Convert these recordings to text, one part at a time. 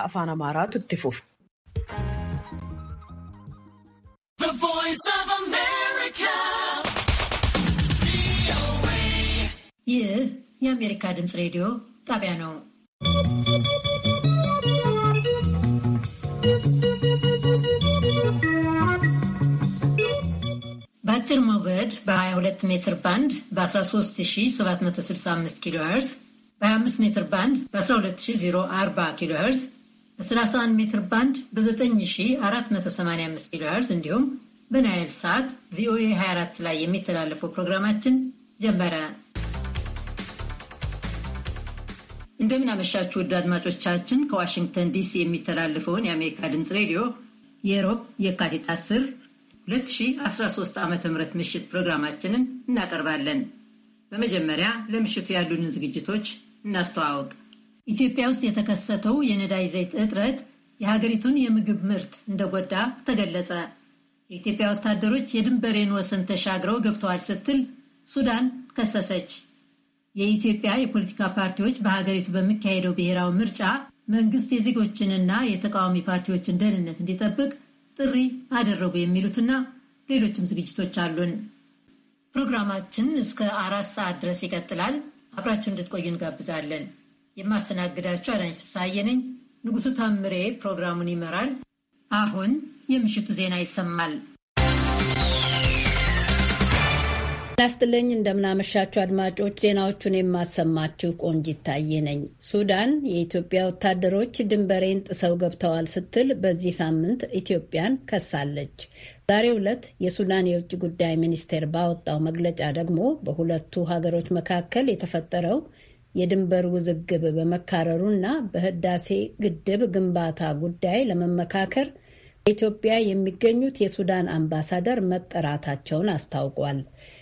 afaan amaaraatu itti fufa. ይህ የአሜሪካ ድምፅ ሬዲዮ ጣቢያ ነው። በአጭር ሞገድ በ22 ሜትር ባንድ በ13765 ኪሎ ሄርዝ፣ በ25 ሜትር ባንድ በ12040 ኪሎ ሄርዝ በ31 ሜትር ባንድ በ9485 ኪሎ ሄርዝ እንዲሁም በናይል ሰዓት ቪኦኤ 24 ላይ የሚተላለፈው ፕሮግራማችን ጀመረ። እንደምን አመሻችሁ ውድ አድማጮቻችን። ከዋሽንግተን ዲሲ የሚተላለፈውን የአሜሪካ ድምፅ ሬዲዮ የሮብ የካቲት 10 2013 ዓ ም ምሽት ፕሮግራማችንን እናቀርባለን። በመጀመሪያ ለምሽቱ ያሉንን ዝግጅቶች እናስተዋወቅ። ኢትዮጵያ ውስጥ የተከሰተው የነዳጅ ዘይት እጥረት የሀገሪቱን የምግብ ምርት እንደጎዳ ተገለጸ። የኢትዮጵያ ወታደሮች የድንበሬን ወሰን ተሻግረው ገብተዋል ስትል ሱዳን ከሰሰች። የኢትዮጵያ የፖለቲካ ፓርቲዎች በሀገሪቱ በሚካሄደው ብሔራዊ ምርጫ መንግስት የዜጎችንና የተቃዋሚ ፓርቲዎችን ደህንነት እንዲጠብቅ ጥሪ አደረጉ። የሚሉትና ሌሎችም ዝግጅቶች አሉን። ፕሮግራማችን እስከ አራት ሰዓት ድረስ ይቀጥላል። አብራችሁ እንድትቆዩ እንጋብዛለን። የማስተናግዳቸው አዳኝ ፍስሐዬ ነኝ። ንጉሱ ታምሬ ፕሮግራሙን ይመራል። አሁን የምሽቱ ዜና ይሰማል። ላስጥልኝ እንደምናመሻችሁ አድማጮች፣ ዜናዎቹን የማሰማችሁ ቆንጅ ታዬ ነኝ። ሱዳን የኢትዮጵያ ወታደሮች ድንበሬን ጥሰው ገብተዋል ስትል በዚህ ሳምንት ኢትዮጵያን ከሳለች። ዛሬ ዕለት የሱዳን የውጭ ጉዳይ ሚኒስቴር ባወጣው መግለጫ ደግሞ በሁለቱ ሀገሮች መካከል የተፈጠረው የድንበር ውዝግብ በመካረሩና በህዳሴ ግድብ ግንባታ ጉዳይ ለመመካከር በኢትዮጵያ የሚገኙት የሱዳን አምባሳደር መጠራታቸውን አስታውቋል።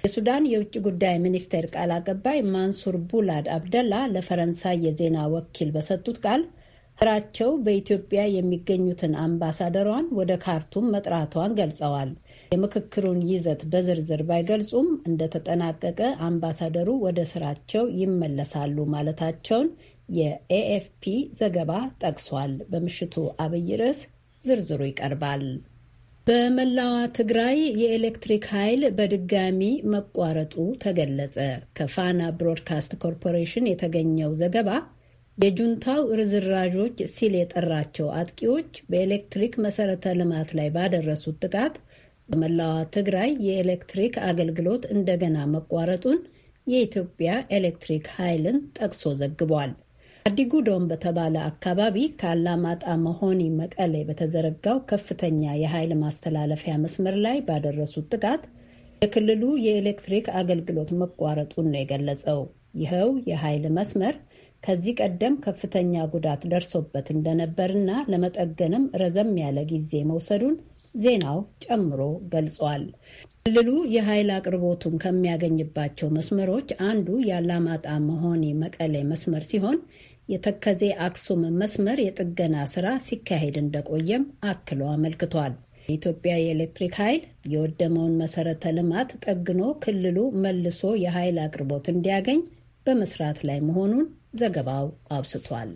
የሱዳን የውጭ ጉዳይ ሚኒስቴር ቃል አቀባይ ማንሱር ቡላድ አብደላ ለፈረንሳይ የዜና ወኪል በሰጡት ቃል ራቸው በኢትዮጵያ የሚገኙትን አምባሳደሯን ወደ ካርቱም መጥራቷን ገልጸዋል። የምክክሩን ይዘት በዝርዝር ባይገልጹም እንደተጠናቀቀ አምባሳደሩ ወደ ስራቸው ይመለሳሉ ማለታቸውን የኤኤፍፒ ዘገባ ጠቅሷል። በምሽቱ አብይ ርዕስ ዝርዝሩ ይቀርባል። በመላዋ ትግራይ የኤሌክትሪክ ኃይል በድጋሚ መቋረጡ ተገለጸ። ከፋና ብሮድካስት ኮርፖሬሽን የተገኘው ዘገባ የጁንታው ርዝራዦች ሲል የጠራቸው አጥቂዎች በኤሌክትሪክ መሰረተ ልማት ላይ ባደረሱት ጥቃት በመላዋ ትግራይ የኤሌክትሪክ አገልግሎት እንደገና መቋረጡን የኢትዮጵያ ኤሌክትሪክ ኃይልን ጠቅሶ ዘግቧል። አዲጉዶም በተባለ አካባቢ ከአላማጣ መሆኒ መቀሌ በተዘረጋው ከፍተኛ የኃይል ማስተላለፊያ መስመር ላይ ባደረሱት ጥቃት የክልሉ የኤሌክትሪክ አገልግሎት መቋረጡን ነው የገለጸው። ይኸው የኃይል መስመር ከዚህ ቀደም ከፍተኛ ጉዳት ደርሶበት እንደነበርና ለመጠገንም ረዘም ያለ ጊዜ መውሰዱን ዜናው ጨምሮ ገልጿል። ክልሉ የኃይል አቅርቦቱን ከሚያገኝባቸው መስመሮች አንዱ የአላማጣ መሆኒ መቀሌ መስመር ሲሆን የተከዜ አክሱም መስመር የጥገና ስራ ሲካሄድ እንደቆየም አክሎ አመልክቷል። የኢትዮጵያ የኤሌክትሪክ ኃይል የወደመውን መሰረተ ልማት ጠግኖ ክልሉ መልሶ የኃይል አቅርቦት እንዲያገኝ በመስራት ላይ መሆኑን ዘገባው አውስቷል።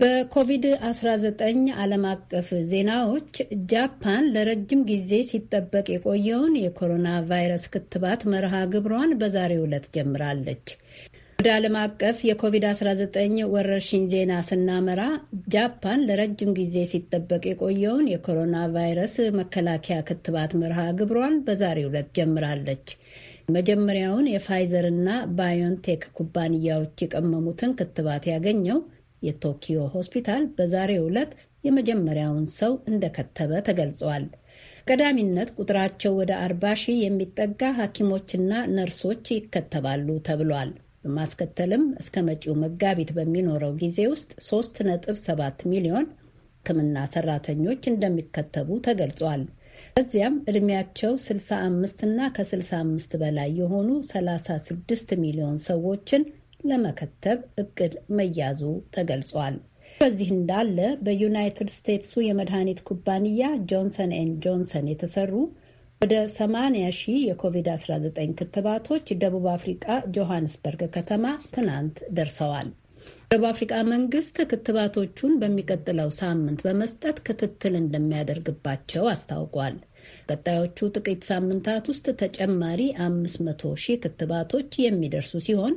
በኮቪድ-19 ዓለም አቀፍ ዜናዎች ጃፓን ለረጅም ጊዜ ሲጠበቅ የቆየውን የኮሮና ቫይረስ ክትባት መርሃ ግብሯን በዛሬው ዕለት ጀምራለች። ወደ ዓለም አቀፍ የኮቪድ-19 ወረርሽኝ ዜና ስናመራ ጃፓን ለረጅም ጊዜ ሲጠበቅ የቆየውን የኮሮና ቫይረስ መከላከያ ክትባት መርሃ ግብሯን በዛሬው ዕለት ጀምራለች። መጀመሪያውን የፋይዘር እና ባዮንቴክ ኩባንያዎች የቀመሙትን ክትባት ያገኘው የቶኪዮ ሆስፒታል በዛሬው ዕለት የመጀመሪያውን ሰው እንደከተበ ተገልጿል። ቀዳሚነት ቁጥራቸው ወደ አርባ ሺህ የሚጠጋ ሐኪሞችና ነርሶች ይከተባሉ ተብሏል። በማስከተልም እስከ መጪው መጋቢት በሚኖረው ጊዜ ውስጥ ሶስት ነጥብ ሰባት ሚሊዮን ሕክምና ሰራተኞች እንደሚከተቡ ተገልጿል። በዚያም ዕድሜያቸው 65 እና ከ65 በላይ የሆኑ 36 ሚሊዮን ሰዎችን ለመከተብ እቅድ መያዙ ተገልጿል። በዚህ እንዳለ በዩናይትድ ስቴትሱ የመድኃኒት ኩባንያ ጆንሰን ኤን ጆንሰን የተሰሩ ወደ 80 ሺህ የኮቪድ-19 ክትባቶች ደቡብ አፍሪቃ ጆሃንስበርግ ከተማ ትናንት ደርሰዋል። ደቡብ አፍሪቃ መንግስት ክትባቶቹን በሚቀጥለው ሳምንት በመስጠት ክትትል እንደሚያደርግባቸው አስታውቋል። ቀጣዮቹ ጥቂት ሳምንታት ውስጥ ተጨማሪ 500 ሺህ ክትባቶች የሚደርሱ ሲሆን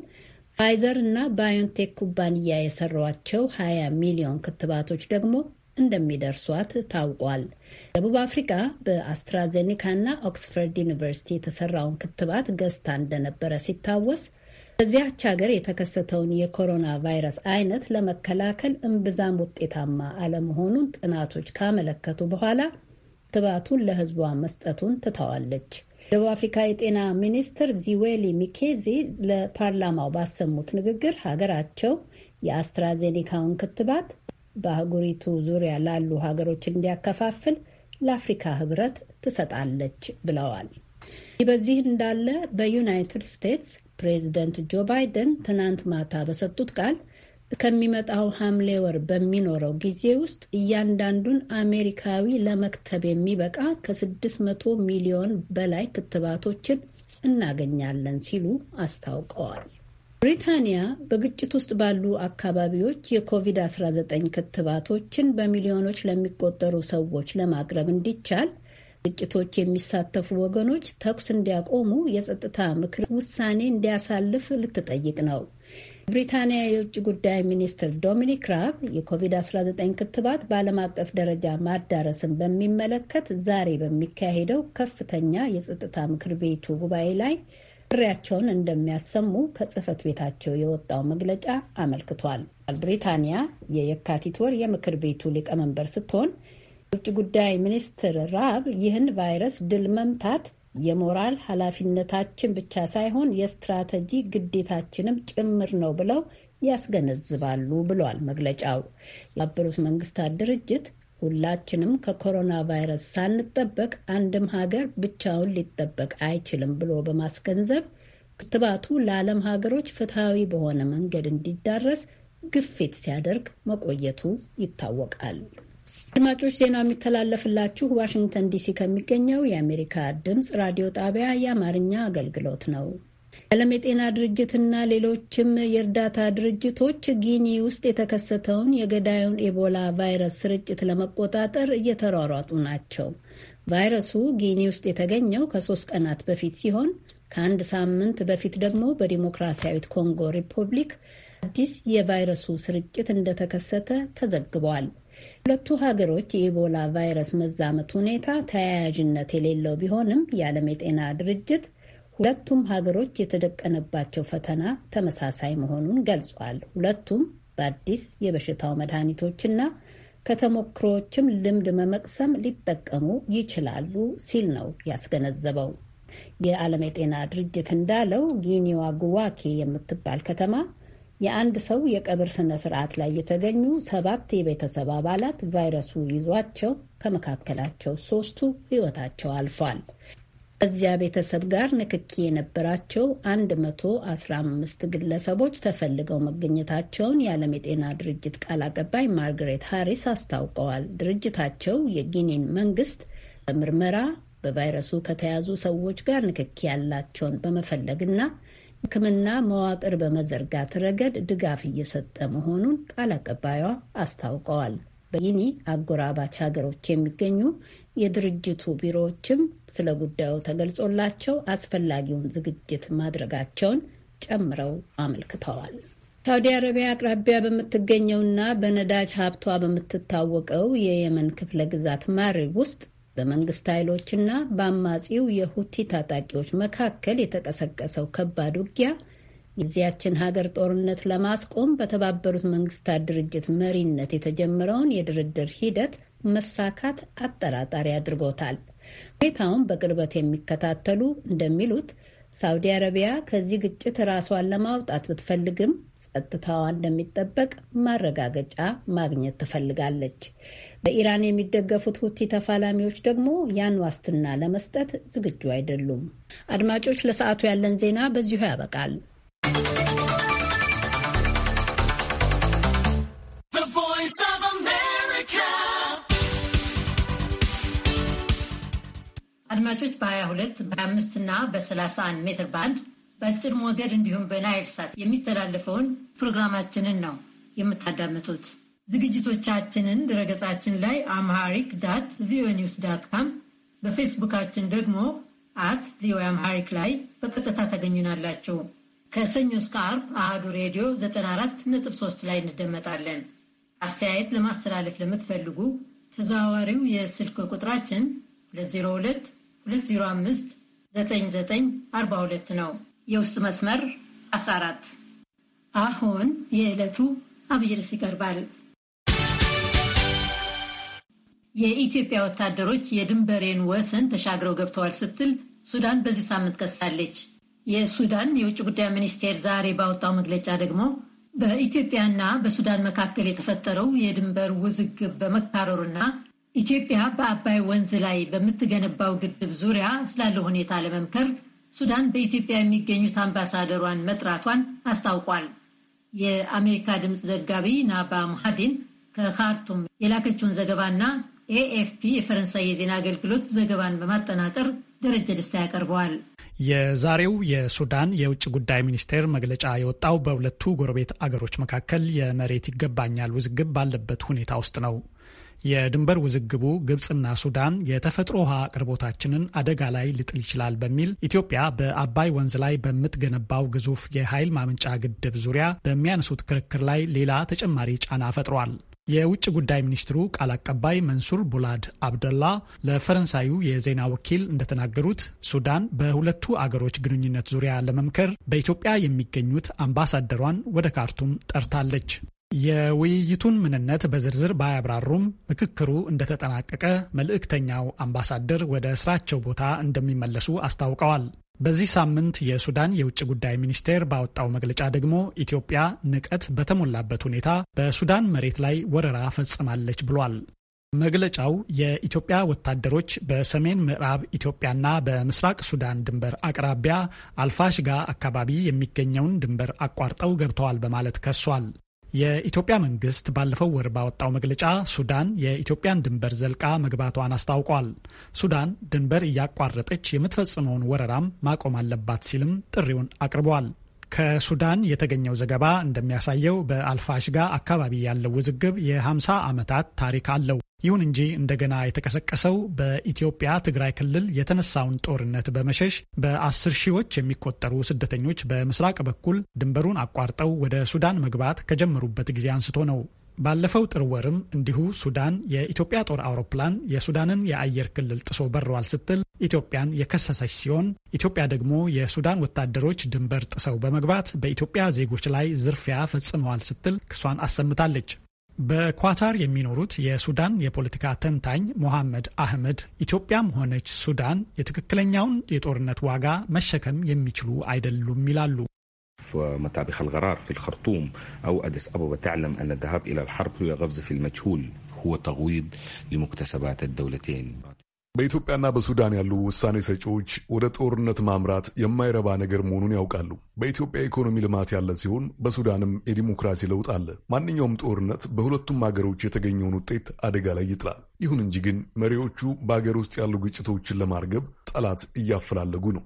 ፋይዘር እና ባዮንቴክ ኩባንያ የሰሯቸው 20 ሚሊዮን ክትባቶች ደግሞ እንደሚደርሷት ታውቋል። ደቡብ አፍሪካ በአስትራዜኒካ እና ኦክስፈርድ ዩኒቨርሲቲ የተሰራውን ክትባት ገዝታ እንደነበረ ሲታወስ በዚያች ሀገር የተከሰተውን የኮሮና ቫይረስ አይነት ለመከላከል እምብዛም ውጤታማ አለመሆኑን ጥናቶች ካመለከቱ በኋላ ክትባቱን ለሕዝቧ መስጠቱን ትተዋለች። ደቡብ አፍሪካ የጤና ሚኒስትር ዚዌሊ ሚኬዚ ለፓርላማው ባሰሙት ንግግር ሀገራቸው የአስትራዜኔካውን ክትባት በአህጉሪቱ ዙሪያ ላሉ ሀገሮች እንዲያከፋፍል ለአፍሪካ ህብረት ትሰጣለች ብለዋል። ይህ በዚህ እንዳለ በዩናይትድ ስቴትስ ፕሬዚደንት ጆ ባይደን ትናንት ማታ በሰጡት ቃል ከሚመጣው ሐምሌ ወር በሚኖረው ጊዜ ውስጥ እያንዳንዱን አሜሪካዊ ለመክተብ የሚበቃ ከ600 ሚሊዮን በላይ ክትባቶችን እናገኛለን ሲሉ አስታውቀዋል። ብሪታንያ በግጭት ውስጥ ባሉ አካባቢዎች የኮቪድ-19 ክትባቶችን በሚሊዮኖች ለሚቆጠሩ ሰዎች ለማቅረብ እንዲቻል ግጭቶች የሚሳተፉ ወገኖች ተኩስ እንዲያቆሙ የጸጥታ ምክር ውሳኔ እንዲያሳልፍ ልትጠይቅ ነው። ብሪታንያ የውጭ ጉዳይ ሚኒስትር ዶሚኒክ ራብ የኮቪድ-19 ክትባት በዓለም አቀፍ ደረጃ ማዳረስን በሚመለከት ዛሬ በሚካሄደው ከፍተኛ የጸጥታ ምክር ቤቱ ጉባኤ ላይ ጥሪያቸውን እንደሚያሰሙ ከጽህፈት ቤታቸው የወጣው መግለጫ አመልክቷል። ብሪታንያ የየካቲት ወር የምክር ቤቱ ሊቀመንበር ስትሆን የውጭ ጉዳይ ሚኒስትር ራብ ይህን ቫይረስ ድል መምታት የሞራል ኃላፊነታችን ብቻ ሳይሆን የስትራቴጂ ግዴታችንም ጭምር ነው ብለው ያስገነዝባሉ ብሏል መግለጫው። የተባበሩት መንግስታት ድርጅት ሁላችንም ከኮሮና ቫይረስ ሳንጠበቅ አንድም ሀገር ብቻውን ሊጠበቅ አይችልም ብሎ በማስገንዘብ ክትባቱ ለዓለም ሀገሮች ፍትሐዊ በሆነ መንገድ እንዲዳረስ ግፊት ሲያደርግ መቆየቱ ይታወቃል። አድማጮች ዜናው የሚተላለፍላችሁ ዋሽንግተን ዲሲ ከሚገኘው የአሜሪካ ድምጽ ራዲዮ ጣቢያ የአማርኛ አገልግሎት ነው። የዓለም የጤና ድርጅትና ሌሎችም የእርዳታ ድርጅቶች ጊኒ ውስጥ የተከሰተውን የገዳዩን ኤቦላ ቫይረስ ስርጭት ለመቆጣጠር እየተሯሯጡ ናቸው። ቫይረሱ ጊኒ ውስጥ የተገኘው ከሶስት ቀናት በፊት ሲሆን ከአንድ ሳምንት በፊት ደግሞ በዲሞክራሲያዊት ኮንጎ ሪፐብሊክ አዲስ የቫይረሱ ስርጭት እንደተከሰተ ተዘግቧል። ሁለቱ ሀገሮች የኢቦላ ቫይረስ መዛመት ሁኔታ ተያያዥነት የሌለው ቢሆንም የዓለም የጤና ድርጅት ሁለቱም ሀገሮች የተደቀነባቸው ፈተና ተመሳሳይ መሆኑን ገልጿል። ሁለቱም በአዲስ የበሽታው መድኃኒቶችና ከተሞክሮዎችም ልምድ መመቅሰም ሊጠቀሙ ይችላሉ ሲል ነው ያስገነዘበው። የዓለም የጤና ድርጅት እንዳለው ጊኒዋ ጉዋኬ የምትባል ከተማ የአንድ ሰው የቀብር ስነ ስርዓት ላይ የተገኙ ሰባት የቤተሰብ አባላት ቫይረሱ ይዟቸው ከመካከላቸው ሶስቱ ሕይወታቸው አልፏል። ከዚያ ቤተሰብ ጋር ንክኪ የነበራቸው 115 ግለሰቦች ተፈልገው መገኘታቸውን የዓለም የጤና ድርጅት ቃል አቀባይ ማርግሬት ሃሪስ አስታውቀዋል። ድርጅታቸው የጊኒን መንግስት በምርመራ በቫይረሱ ከተያዙ ሰዎች ጋር ንክኪ ያላቸውን በመፈለግና ሕክምና መዋቅር በመዘርጋት ረገድ ድጋፍ እየሰጠ መሆኑን ቃል አቀባዩዋ አስታውቀዋል። በጊኒ አጎራባች ሀገሮች የሚገኙ የድርጅቱ ቢሮዎችም ስለ ጉዳዩ ተገልጾላቸው አስፈላጊውን ዝግጅት ማድረጋቸውን ጨምረው አመልክተዋል። ሳውዲ አረቢያ አቅራቢያ በምትገኘውና በነዳጅ ሀብቷ በምትታወቀው የየመን ክፍለ ግዛት ማሪብ ውስጥ በመንግስት ኃይሎችና በአማጺው የሁቲ ታጣቂዎች መካከል የተቀሰቀሰው ከባድ ውጊያ የዚያችን ሀገር ጦርነት ለማስቆም በተባበሩት መንግስታት ድርጅት መሪነት የተጀመረውን የድርድር ሂደት መሳካት አጠራጣሪ አድርጎታል። ሁኔታውን በቅርበት የሚከታተሉ እንደሚሉት ሳውዲ አረቢያ ከዚህ ግጭት ራሷን ለማውጣት ብትፈልግም ጸጥታዋ እንደሚጠበቅ ማረጋገጫ ማግኘት ትፈልጋለች። በኢራን የሚደገፉት ሁቲ ተፋላሚዎች ደግሞ ያን ዋስትና ለመስጠት ዝግጁ አይደሉም። አድማጮች፣ ለሰዓቱ ያለን ዜና በዚሁ ያበቃል። ሁለት በ25 እና በ31 ሜትር ባንድ በአጭር ሞገድ እንዲሁም በናይል ሳት የሚተላለፈውን ፕሮግራማችንን ነው የምታዳምጡት። ዝግጅቶቻችንን ድረገጻችን ላይ አምሃሪክ ዳት ቪኦኤ ኒውስ ዳት ካም፣ በፌስቡካችን ደግሞ አት ቪኦኤ አምሃሪክ ላይ በቀጥታ ታገኙናላችሁ። ከሰኞ እስከ አርብ አህዱ ሬዲዮ 94.3 ላይ እንደመጣለን። አስተያየት ለማስተላለፍ ለምትፈልጉ ተዘዋዋሪው የስልክ ቁጥራችን 202 205 42 ነው። የውስጥ መስመር 14። አሁን የዕለቱ አብይ ርዕስ ይቀርባል። የኢትዮጵያ ወታደሮች የድንበሬን ወሰን ተሻግረው ገብተዋል ስትል ሱዳን በዚህ ሳምንት ከሳለች። የሱዳን የውጭ ጉዳይ ሚኒስቴር ዛሬ ባወጣው መግለጫ ደግሞ በኢትዮጵያና በሱዳን መካከል የተፈጠረው የድንበር ውዝግብ በመካረሩና ኢትዮጵያ በአባይ ወንዝ ላይ በምትገነባው ግድብ ዙሪያ ስላለው ሁኔታ ለመምከር ሱዳን በኢትዮጵያ የሚገኙት አምባሳደሯን መጥራቷን አስታውቋል። የአሜሪካ ድምፅ ዘጋቢ ናባ ሙሃዲን ከካርቱም የላከችውን ዘገባና ኤኤፍፒ የፈረንሳይ የዜና አገልግሎት ዘገባን በማጠናቀር ደረጀ ደስታ ያቀርበዋል። የዛሬው የሱዳን የውጭ ጉዳይ ሚኒስቴር መግለጫ የወጣው በሁለቱ ጎረቤት አገሮች መካከል የመሬት ይገባኛል ውዝግብ ባለበት ሁኔታ ውስጥ ነው። የድንበር ውዝግቡ ግብፅና ሱዳን የተፈጥሮ ውሃ አቅርቦታችንን አደጋ ላይ ሊጥል ይችላል በሚል ኢትዮጵያ በአባይ ወንዝ ላይ በምትገነባው ግዙፍ የኃይል ማመንጫ ግድብ ዙሪያ በሚያነሱት ክርክር ላይ ሌላ ተጨማሪ ጫና ፈጥሯል። የውጭ ጉዳይ ሚኒስትሩ ቃል አቀባይ መንሱር ቡላድ አብደላ ለፈረንሳዩ የዜና ወኪል እንደተናገሩት ሱዳን በሁለቱ አገሮች ግንኙነት ዙሪያ ለመምከር በኢትዮጵያ የሚገኙት አምባሳደሯን ወደ ካርቱም ጠርታለች። የውይይቱን ምንነት በዝርዝር ባያብራሩም ምክክሩ እንደተጠናቀቀ መልእክተኛው አምባሳደር ወደ ስራቸው ቦታ እንደሚመለሱ አስታውቀዋል። በዚህ ሳምንት የሱዳን የውጭ ጉዳይ ሚኒስቴር ባወጣው መግለጫ ደግሞ ኢትዮጵያ ንቀት በተሞላበት ሁኔታ በሱዳን መሬት ላይ ወረራ ፈጽማለች ብሏል። መግለጫው የኢትዮጵያ ወታደሮች በሰሜን ምዕራብ ኢትዮጵያና በምስራቅ ሱዳን ድንበር አቅራቢያ አልፋሽጋ አካባቢ የሚገኘውን ድንበር አቋርጠው ገብተዋል በማለት ከሷል። የኢትዮጵያ መንግስት ባለፈው ወር ባወጣው መግለጫ ሱዳን የኢትዮጵያን ድንበር ዘልቃ መግባቷን አስታውቋል። ሱዳን ድንበር እያቋረጠች የምትፈጽመውን ወረራም ማቆም አለባት ሲልም ጥሪውን አቅርቧል። ከሱዳን የተገኘው ዘገባ እንደሚያሳየው በአልፋሽጋ አካባቢ ያለው ውዝግብ የ50 ዓመታት ታሪክ አለው። ይሁን እንጂ እንደገና የተቀሰቀሰው በኢትዮጵያ ትግራይ ክልል የተነሳውን ጦርነት በመሸሽ በአስር ሺዎች የሚቆጠሩ ስደተኞች በምስራቅ በኩል ድንበሩን አቋርጠው ወደ ሱዳን መግባት ከጀመሩበት ጊዜ አንስቶ ነው። ባለፈው ጥር ወርም እንዲሁ ሱዳን የኢትዮጵያ ጦር አውሮፕላን የሱዳንን የአየር ክልል ጥሶ በረዋል ስትል ኢትዮጵያን የከሰሰች ሲሆን ኢትዮጵያ ደግሞ የሱዳን ወታደሮች ድንበር ጥሰው በመግባት በኢትዮጵያ ዜጎች ላይ ዝርፊያ ፈጽመዋል ስትል ክሷን አሰምታለች። በኳታር የሚኖሩት የሱዳን የፖለቲካ ተንታኝ ሞሐመድ አህመድ ኢትዮጵያም ሆነች ሱዳን የትክክለኛውን የጦርነት ዋጋ መሸከም የሚችሉ አይደሉም ይላሉ። في مطابخ الغرار في الخرطوم أو أديس أبابا تعلم أن الذهاب إلى الحرب هو غفز في المجهول هو تغويض لمكتسبات الدولتين በኢትዮጵያና በሱዳን ያሉ ውሳኔ ሰጪዎች ወደ ጦርነት ማምራት የማይረባ ነገር መሆኑን ያውቃሉ። በኢትዮጵያ ኢኮኖሚ ልማት ያለ ሲሆን በሱዳንም የዲሞክራሲ ለውጥ አለ። ማንኛውም ጦርነት በሁለቱም ሀገሮች የተገኘውን ውጤት አደጋ ላይ ይጥላል። ይሁን እንጂ ግን መሪዎቹ በሀገር ውስጥ ያሉ ግጭቶችን ለማርገብ ጠላት እያፈላለጉ ነው።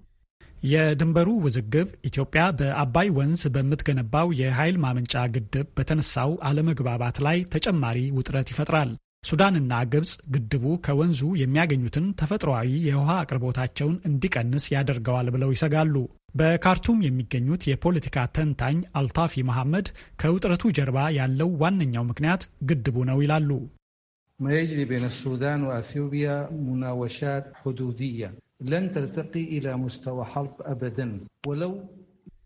የድንበሩ ውዝግብ ኢትዮጵያ በአባይ ወንዝ በምትገነባው የኃይል ማመንጫ ግድብ በተነሳው አለመግባባት ላይ ተጨማሪ ውጥረት ይፈጥራል። ሱዳንና ግብፅ ግድቡ ከወንዙ የሚያገኙትን ተፈጥሯዊ የውሃ አቅርቦታቸውን እንዲቀንስ ያደርገዋል ብለው ይሰጋሉ። በካርቱም የሚገኙት የፖለቲካ ተንታኝ አልታፊ መሐመድ ከውጥረቱ ጀርባ ያለው ዋነኛው ምክንያት ግድቡ ነው ይላሉ። ما يجري بين السودان وأثيوبيا مناوشات حدودية ለን ተርተቂ ኢላ ሙስተዋ ሐርብ አበደን ወለው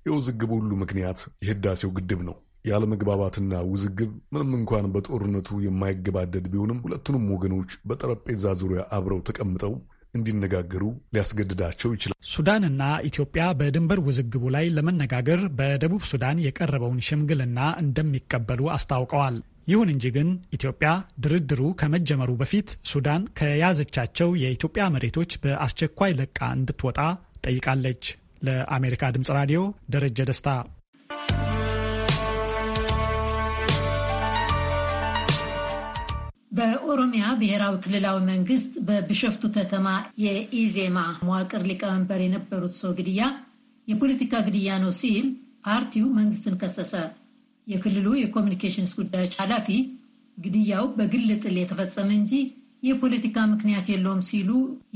የውዝግቡ ሁሉ ምክንያት የህዳሴው ግድብ ነው። ያለመግባባትና ውዝግብ ምንም እንኳን በጦርነቱ የማይገባደድ ቢሆንም ሁለቱንም ወገኖች በጠረጴዛ ዙሪያ አብረው ተቀምጠው እንዲነጋገሩ ሊያስገድዳቸው ይችላል። ሱዳንና ኢትዮጵያ በድንበር ውዝግቡ ላይ ለመነጋገር በደቡብ ሱዳን የቀረበውን ሽምግልና እንደሚቀበሉ አስታውቀዋል። ይሁን እንጂ ግን ኢትዮጵያ ድርድሩ ከመጀመሩ በፊት ሱዳን ከያዘቻቸው የኢትዮጵያ መሬቶች በአስቸኳይ ለቃ እንድትወጣ ጠይቃለች። ለአሜሪካ ድምጽ ራዲዮ ደረጀ ደስታ። በኦሮሚያ ብሔራዊ ክልላዊ መንግስት በብሸፍቱ ከተማ የኢዜማ መዋቅር ሊቀመንበር የነበሩት ሰው ግድያ የፖለቲካ ግድያ ነው ሲል ፓርቲው መንግስትን ከሰሰ። የክልሉ የኮሚኒኬሽንስ ጉዳዮች ኃላፊ ግድያው በግል ጥል የተፈጸመ እንጂ የፖለቲካ ምክንያት የለውም ሲሉ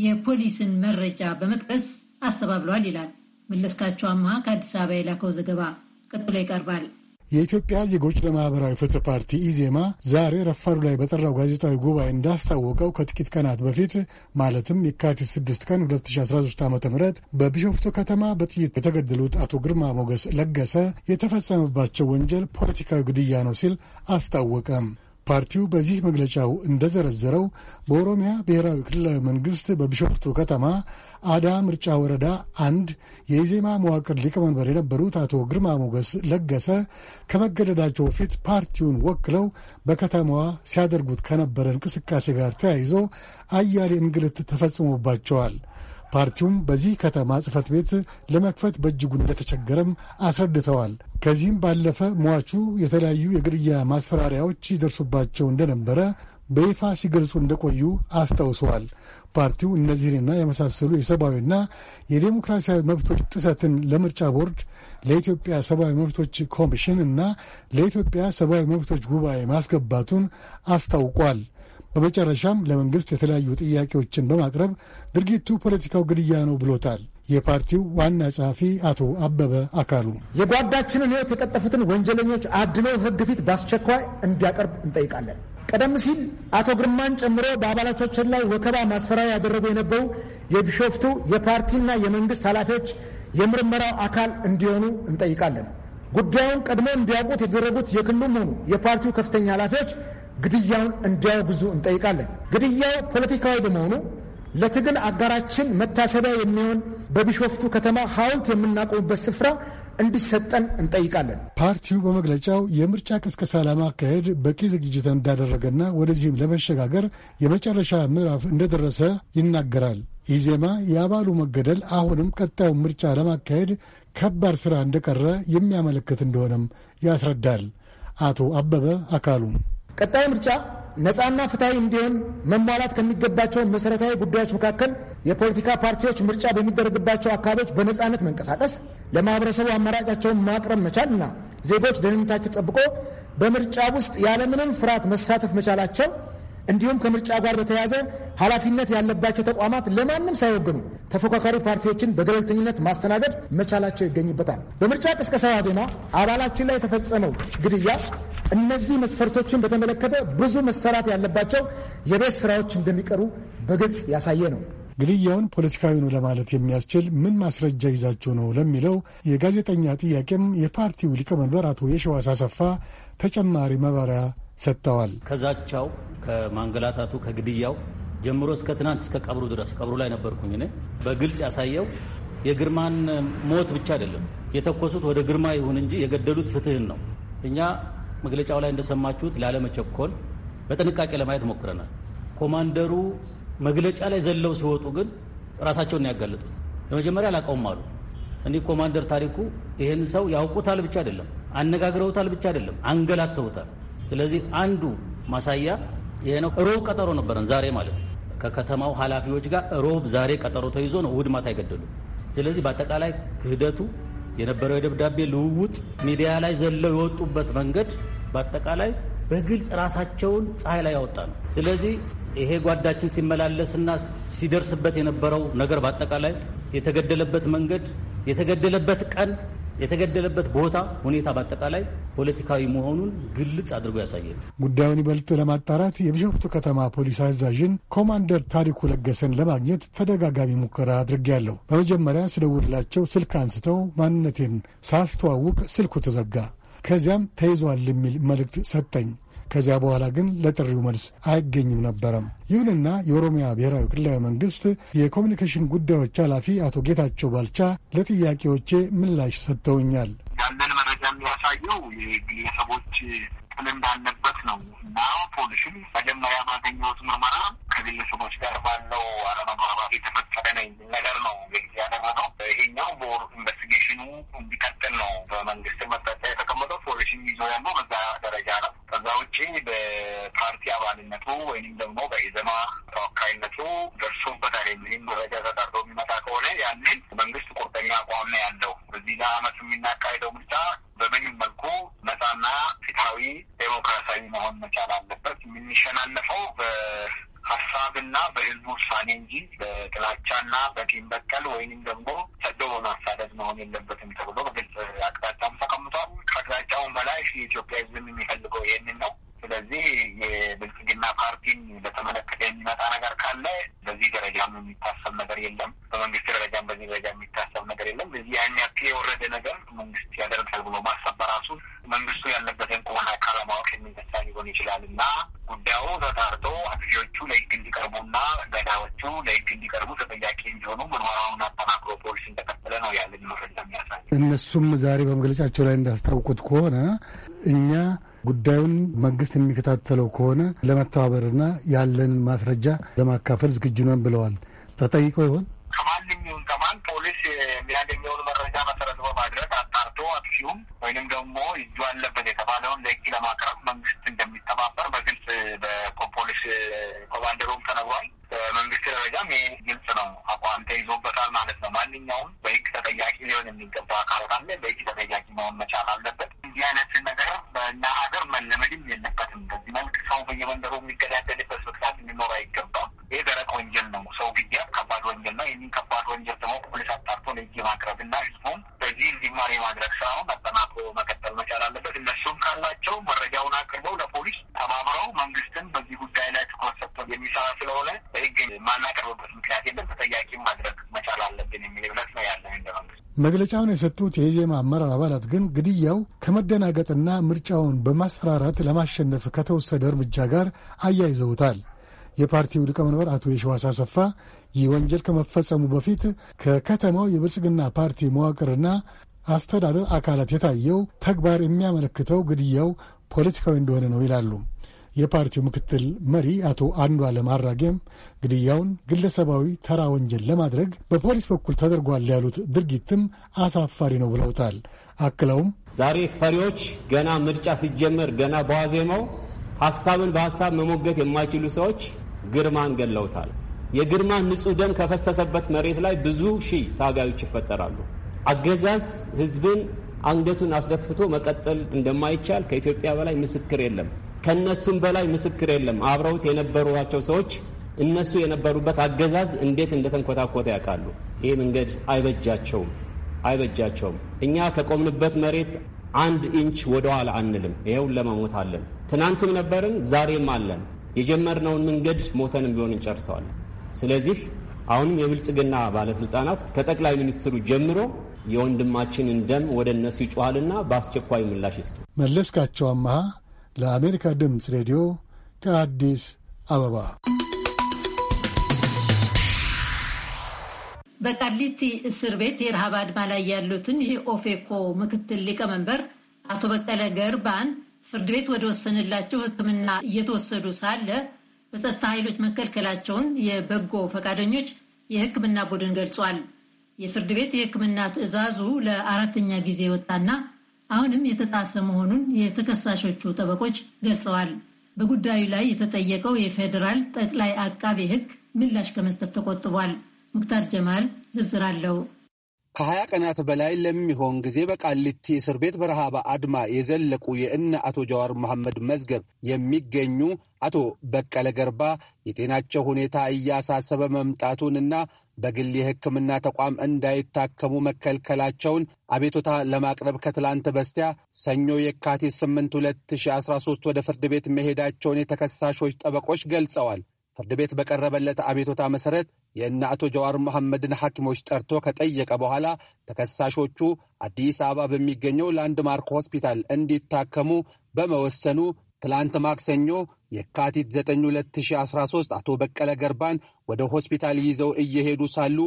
የፖሊስን መረጃ በመጥቀስ አስተባብለዋል ይላል መለስካቸው አምሃ ከአዲስ አበባ የላከው ዘገባ ቀጥሎ ይቀርባል። የኢትዮጵያ ዜጎች ለማህበራዊ ፍትህ ፓርቲ ኢዜማ ዛሬ ረፋዱ ላይ በጠራው ጋዜጣዊ ጉባኤ እንዳስታወቀው ከጥቂት ቀናት በፊት ማለትም የካቲት 6 ቀን 2013 ዓ ም በቢሾፍቱ ከተማ በጥይት የተገደሉት አቶ ግርማ ሞገስ ለገሰ የተፈጸመባቸው ወንጀል ፖለቲካዊ ግድያ ነው ሲል አስታወቀም። ፓርቲው በዚህ መግለጫው እንደዘረዘረው በኦሮሚያ ብሔራዊ ክልላዊ መንግስት በቢሾፍቱ ከተማ አዳ ምርጫ ወረዳ አንድ የኢዜማ መዋቅር ሊቀመንበር የነበሩት አቶ ግርማ ሞገስ ለገሰ ከመገደዳቸው በፊት ፓርቲውን ወክለው በከተማዋ ሲያደርጉት ከነበረ እንቅስቃሴ ጋር ተያይዞ አያሌ እንግልት ተፈጽሞባቸዋል። ፓርቲውም በዚህ ከተማ ጽህፈት ቤት ለመክፈት በእጅጉ እንደተቸገረም አስረድተዋል። ከዚህም ባለፈ ሟቹ የተለያዩ የግድያ ማስፈራሪያዎች ይደርሱባቸው እንደነበረ በይፋ ሲገልጹ እንደቆዩ አስታውሰዋል። ፓርቲው እነዚህንና የመሳሰሉ የሰብአዊና የዴሞክራሲያዊ መብቶች ጥሰትን ለምርጫ ቦርድ፣ ለኢትዮጵያ ሰብአዊ መብቶች ኮሚሽን እና ለኢትዮጵያ ሰብአዊ መብቶች ጉባኤ ማስገባቱን አስታውቋል። በመጨረሻም ለመንግስት የተለያዩ ጥያቄዎችን በማቅረብ ድርጊቱ ፖለቲካው ግድያ ነው ብሎታል። የፓርቲው ዋና ጸሐፊ አቶ አበበ አካሉ የጓዳችንን ሕይወት የቀጠፉትን ወንጀለኞች አድነው ሕግ ፊት በአስቸኳይ እንዲያቀርብ እንጠይቃለን። ቀደም ሲል አቶ ግርማን ጨምሮ በአባላቶችን ላይ ወከባ፣ ማስፈራ ያደረጉ የነበሩ የቢሾፍቱ የፓርቲና የመንግስት ኃላፊዎች የምርመራው አካል እንዲሆኑ እንጠይቃለን። ጉዳዩን ቀድሞ እንዲያውቁት የደረጉት የክልሉም ሆኑ የፓርቲው ከፍተኛ ኃላፊዎች ግድያውን እንዲያወግዙ እንጠይቃለን። ግድያው ፖለቲካዊ በመሆኑ ለትግል አጋራችን መታሰቢያ የሚሆን በቢሾፍቱ ከተማ ሐውልት የምናቆምበት ስፍራ እንዲሰጠን እንጠይቃለን። ፓርቲው በመግለጫው የምርጫ ቅስቀሳ ለማካሄድ በቂ ዝግጅት እንዳደረገና ወደዚህም ለመሸጋገር የመጨረሻ ምዕራፍ እንደደረሰ ይናገራል። ኢዜማ የአባሉ መገደል አሁንም ቀጣዩን ምርጫ ለማካሄድ ከባድ ሥራ እንደቀረ የሚያመለክት እንደሆነም ያስረዳል። አቶ አበበ አካሉም ቀጣይ ምርጫ ነፃና ፍትሐዊ እንዲሆን መሟላት ከሚገባቸው መሠረታዊ ጉዳዮች መካከል የፖለቲካ ፓርቲዎች ምርጫ በሚደረግባቸው አካባቢዎች በነፃነት መንቀሳቀስ፣ ለማህበረሰቡ አማራጫቸውን ማቅረብ መቻልና ዜጎች ደህንነታቸው ጠብቆ በምርጫ ውስጥ ያለምንም ፍርሃት መሳተፍ መቻላቸው እንዲሁም ከምርጫ ጋር በተያያዘ ኃላፊነት ያለባቸው ተቋማት ለማንም ሳይወግኑ ተፎካካሪ ፓርቲዎችን በገለልተኝነት ማስተናገድ መቻላቸው ይገኝበታል። በምርጫ ቅስቀሳ ዜና አባላችን ላይ የተፈጸመው ግድያ እነዚህ መስፈርቶችን በተመለከተ ብዙ መሰራት ያለባቸው የቤት ስራዎች እንደሚቀሩ በግልጽ ያሳየ ነው። ግድያውን ፖለቲካዊ ነው ለማለት የሚያስችል ምን ማስረጃ ይዛችሁ ነው ለሚለው የጋዜጠኛ ጥያቄም የፓርቲው ሊቀመንበር አቶ የሸዋስ አሰፋ ተጨማሪ መባሪያ ሰጥተዋል። ከዛቻው ከማንገላታቱ ከግድያው ጀምሮ እስከ ትናንት እስከ ቀብሩ ድረስ ቀብሩ ላይ ነበርኩኝ እኔ በግልጽ ያሳየው የግርማን ሞት ብቻ አይደለም የተኮሱት ወደ ግርማ ይሁን እንጂ የገደሉት ፍትህን ነው። እኛ መግለጫው ላይ እንደሰማችሁት ላለመቸኮል በጥንቃቄ ለማየት ሞክረናል። ኮማንደሩ መግለጫ ላይ ዘለው ሲወጡ ግን ራሳቸውን ያጋለጡት ለመጀመሪያ አላቀውም አሉ። እኒህ ኮማንደር ታሪኩ ይህን ሰው ያውቁታል ብቻ አይደለም፣ አነጋግረውታል ብቻ አይደለም፣ አንገላተውታል። ስለዚህ አንዱ ማሳያ ይሄ ነው። ሮብ ቀጠሮ ነበረን ዛሬ ማለት ነው ከከተማው ኃላፊዎች ጋር ሮብ ዛሬ ቀጠሮ ተይዞ ነው እሑድ ማታ አይገደሉ። ስለዚህ በአጠቃላይ ክህደቱ የነበረው የደብዳቤ ልውውጥ ሚዲያ ላይ ዘለው የወጡበት መንገድ በአጠቃላይ በግልጽ ራሳቸውን ፀሐይ ላይ ያወጣ ነው። ስለዚህ ይሄ ጓዳችን ሲመላለስና ሲደርስበት የነበረው ነገር በአጠቃላይ የተገደለበት መንገድ፣ የተገደለበት ቀን፣ የተገደለበት ቦታ ሁኔታ በአጠቃላይ ፖለቲካዊ መሆኑን ግልጽ አድርጎ ያሳያል። ጉዳዩን ይበልጥ ለማጣራት የቢሾፍቱ ከተማ ፖሊስ አዛዥን ኮማንደር ታሪኩ ለገሰን ለማግኘት ተደጋጋሚ ሙከራ አድርጌያለሁ። በመጀመሪያ ስደውልላቸው ስልክ አንስተው ማንነቴን ሳስተዋውቅ ስልኩ ተዘጋ። ከዚያም ተይዟል የሚል መልእክት ሰጠኝ። ከዚያ በኋላ ግን ለጥሪው መልስ አይገኝም ነበረም። ይሁንና የኦሮሚያ ብሔራዊ ክልላዊ መንግስት የኮሚኒኬሽን ጉዳዮች ኃላፊ አቶ ጌታቸው ባልቻ ለጥያቄዎቼ ምላሽ ሰጥተውኛል። ያለን ደረጃ የሚያሳየው የግለሰቦች ጥል እንዳለበት ነው እና ፖሊሽን መጀመሪያ ባገኘሁት ምርመራ ከግለሰቦች ጋር ባለው አለመግባባት የተፈጠረ ነኝ ነገር ነው ግልጽ ያደረገው። ይሄኛው በወር ኢንቨስቲጌሽኑ እንዲቀጥል ነው በመንግስት መጠጫ የተቀመጠው ፖሊሽን ይዞ ያለው በዛ ደረጃ ነው። ከዛ ውጭ በፓርቲ አባልነቱ ወይንም ደግሞ በኢዘማ ተወካይነቱ ደርሶበታል የሚልም መረጃ ተጠርቶ የሚመጣ ከሆነ ያንን መንግስት ቁርጠኛ አቋም ነው ያለው። በዚህ ለአመት የሚናካሄደው ምርጫ በምንም መልኩ ነጻና ፍትሐዊ ዴሞክራሲያዊ መሆን መቻል አለበት። የምንሸናነፈው በሀሳብና በህዝቡ ውሳኔ እንጂ በጥላቻና በቂም በቀል ወይንም ደግሞ ሰዶ በማሳደድ መሆን የለበትም ተብሎ በግልጽ አቅጣጫም ተቀምጧል። ከአቅጣጫውም በላይ የኢትዮጵያ ህዝብ የሚፈልገው ይህንን ነው። ስለዚህ የብልጽግና ፓርቲን በተመለከተ የሚመጣ ነገር ካለ በዚህ ደረጃም የሚታሰብ ነገር የለም። በመንግስት ደረጃም በዚህ ደረጃ የሚታሰብ ነገር የለም። እዚህ ያን ያክል የወረደ ነገር መንግስት ያደርጋል ብሎ ማሰብ በራሱ መንግስቱ ያለበትን ቁመና ካለማወቅ የሚነሳ ሊሆን ይችላል እና ጉዳዩ ተጣርቶ አጥፊዎቹ ለህግ እንዲቀርቡና ገዳዎቹ ለህግ እንዲቀርቡ ተጠያቂ እንዲሆኑ ምርመራውን አጠናክሮ ፖሊስ እንደቀጠለ ነው ያለን መረጃ የሚያሳይ እነሱም ዛሬ በመግለጫቸው ላይ እንዳስታውቁት ከሆነ እኛ ጉዳዩን መንግስት የሚከታተለው ከሆነ ለመተባበርና ያለን ማስረጃ ለማካፈል ዝግጁ ነን ብለዋል። ተጠይቆ ይሆን? ከማንኛውም ከማን ፖሊስ የሚያገኘውን መረጃ መሰረት በማድረግ አጣርቶ አክሲዩም ወይንም ደግሞ እጁ አለበት የተባለውን ለህግ ለማቅረብ መንግስት እንደሚተባበር በግልጽ በፖሊስ ኮማንደሩም ተነግሯል። በመንግስት ደረጃም ይህ ግልጽ ነው፣ አቋም ተይዞበታል ማለት ነው። ማንኛውም በህግ ተጠያቂ ሊሆን የሚገባ አካል ካለ በህግ ተጠያቂ መሆን መቻል አለበት። እንዲህ አይነት ነገር በእና ሀገር መለመድም የለበትም። በዚህ መልክ ሰው በየመንደሩ የሚገዳደልበት ምክንያት እንዲኖር አይገባም። ይህ ደረቅ ወንጀል ነው። ሰው ግድያ ከባድ ወንጀል ነው። ይህን ከባድ ወንጀል ደግሞ ፖሊስ አጣርቶ ለእጅ ማቅረብ እና ህዝቡም በዚህ እንዲማር የማድረግ ስራውን አጠናክሮ መቀጠል መቻል አለበት። እነሱም ካላቸው መረጃውን አቅርበው ለፖሊስ ተባብረው መንግስትን በዚህ ጉዳይ ላይ ትኩረት ሰጥቶ የሚሰራ ስለሆነ በህግ ማናቀርብበት ምክንያት የለም። ተጠያቂ ማድረግ መቻል አለብን የሚል እምነት ነው ያለን እንደ መንግስት መግለጫውን የሰጡት የኢዜማ አመራር አባላት ግን ግድያው ከመደናገጥና ምርጫውን በማስፈራራት ለማሸነፍ ከተወሰደ እርምጃ ጋር አያይዘውታል። የፓርቲው ሊቀመንበር አቶ የሸዋስ አሰፋ ይህ ወንጀል ከመፈጸሙ በፊት ከከተማው የብልጽግና ፓርቲ መዋቅርና አስተዳደር አካላት የታየው ተግባር የሚያመለክተው ግድያው ፖለቲካዊ እንደሆነ ነው ይላሉ። የፓርቲው ምክትል መሪ አቶ አለም አራጌም ግድያውን ግለሰባዊ ተራ ወንጀል ለማድረግ በፖሊስ በኩል ተደርጓል ያሉት ድርጊትም አሳፋሪ ነው ብለውታል። አክለውም ዛሬ ፈሪዎች ገና ምርጫ ሲጀመር ገና በዋዜማው ሀሳብን በሀሳብ መሞገት የማይችሉ ሰዎች ግርማን ገለውታል። የግርማ ንጹህ ደም ከፈሰሰበት መሬት ላይ ብዙ ሺህ ታጋዮች ይፈጠራሉ። አገዛዝ ህዝብን አንገቱን አስደፍቶ መቀጠል እንደማይቻል ከኢትዮጵያ በላይ ምስክር የለም። ከእነሱም በላይ ምስክር የለም። አብረውት የነበሯቸው ሰዎች እነሱ የነበሩበት አገዛዝ እንዴት እንደተንኮታኮተ ያውቃሉ። ይህ መንገድ አይበጃቸውም አይበጃቸውም። እኛ ከቆምንበት መሬት አንድ ኢንች ወደኋላ አንልም። ይሄው ለመሞት አለን። ትናንትም ነበርን፣ ዛሬም አለን። የጀመርነውን መንገድ ሞተንም ቢሆን እንጨርሰዋለን። ስለዚህ አሁንም የብልጽግና ባለስልጣናት ከጠቅላይ ሚኒስትሩ ጀምሮ የወንድማችንን ደም ወደ እነሱ ይጮኋልና በአስቸኳይ ምላሽ ይስጡ። መለስካቸው አማሃ ለአሜሪካ ድምፅ ሬዲዮ ከአዲስ አበባ። በቃሊቲ እስር ቤት የረሃብ አድማ ላይ ያሉትን የኦፌኮ ምክትል ሊቀመንበር አቶ በቀለ ገርባን ፍርድ ቤት ወደ ወሰንላቸው ሕክምና እየተወሰዱ ሳለ በጸጥታ ኃይሎች መከልከላቸውን የበጎ ፈቃደኞች የሕክምና ቡድን ገልጿል። የፍርድ ቤት የሕክምና ትዕዛዙ ለአራተኛ ጊዜ ወጣና አሁንም የተጣሰ መሆኑን የተከሳሾቹ ጠበቆች ገልጸዋል። በጉዳዩ ላይ የተጠየቀው የፌዴራል ጠቅላይ አቃቤ ሕግ ምላሽ ከመስጠት ተቆጥቧል። ሙክታር ጀማል ዝርዝር አለው። ከሀያ ቀናት በላይ ለሚሆን ጊዜ በቃሊቲ እስር ቤት በረሃብ አድማ የዘለቁ የእነ አቶ ጀዋር መሐመድ መዝገብ የሚገኙ አቶ በቀለ ገርባ የጤናቸው ሁኔታ እያሳሰበ መምጣቱንና በግል የሕክምና ተቋም እንዳይታከሙ መከልከላቸውን አቤቱታ ለማቅረብ ከትላንት በስቲያ ሰኞ የካቲት 8 2013 ወደ ፍርድ ቤት መሄዳቸውን የተከሳሾች ጠበቆች ገልጸዋል። ፍርድ ቤት በቀረበለት አቤቱታ መሠረት የእነ አቶ ጀዋር መሐመድን ሐኪሞች ጠርቶ ከጠየቀ በኋላ ተከሳሾቹ አዲስ አበባ በሚገኘው ላንድማርክ ሆስፒታል እንዲታከሙ በመወሰኑ ትላንት ማክሰኞ የካቲት 9 2013 አቶ በቀለ ገርባን ወደ ሆስፒታል ይዘው እየሄዱ ሳሉ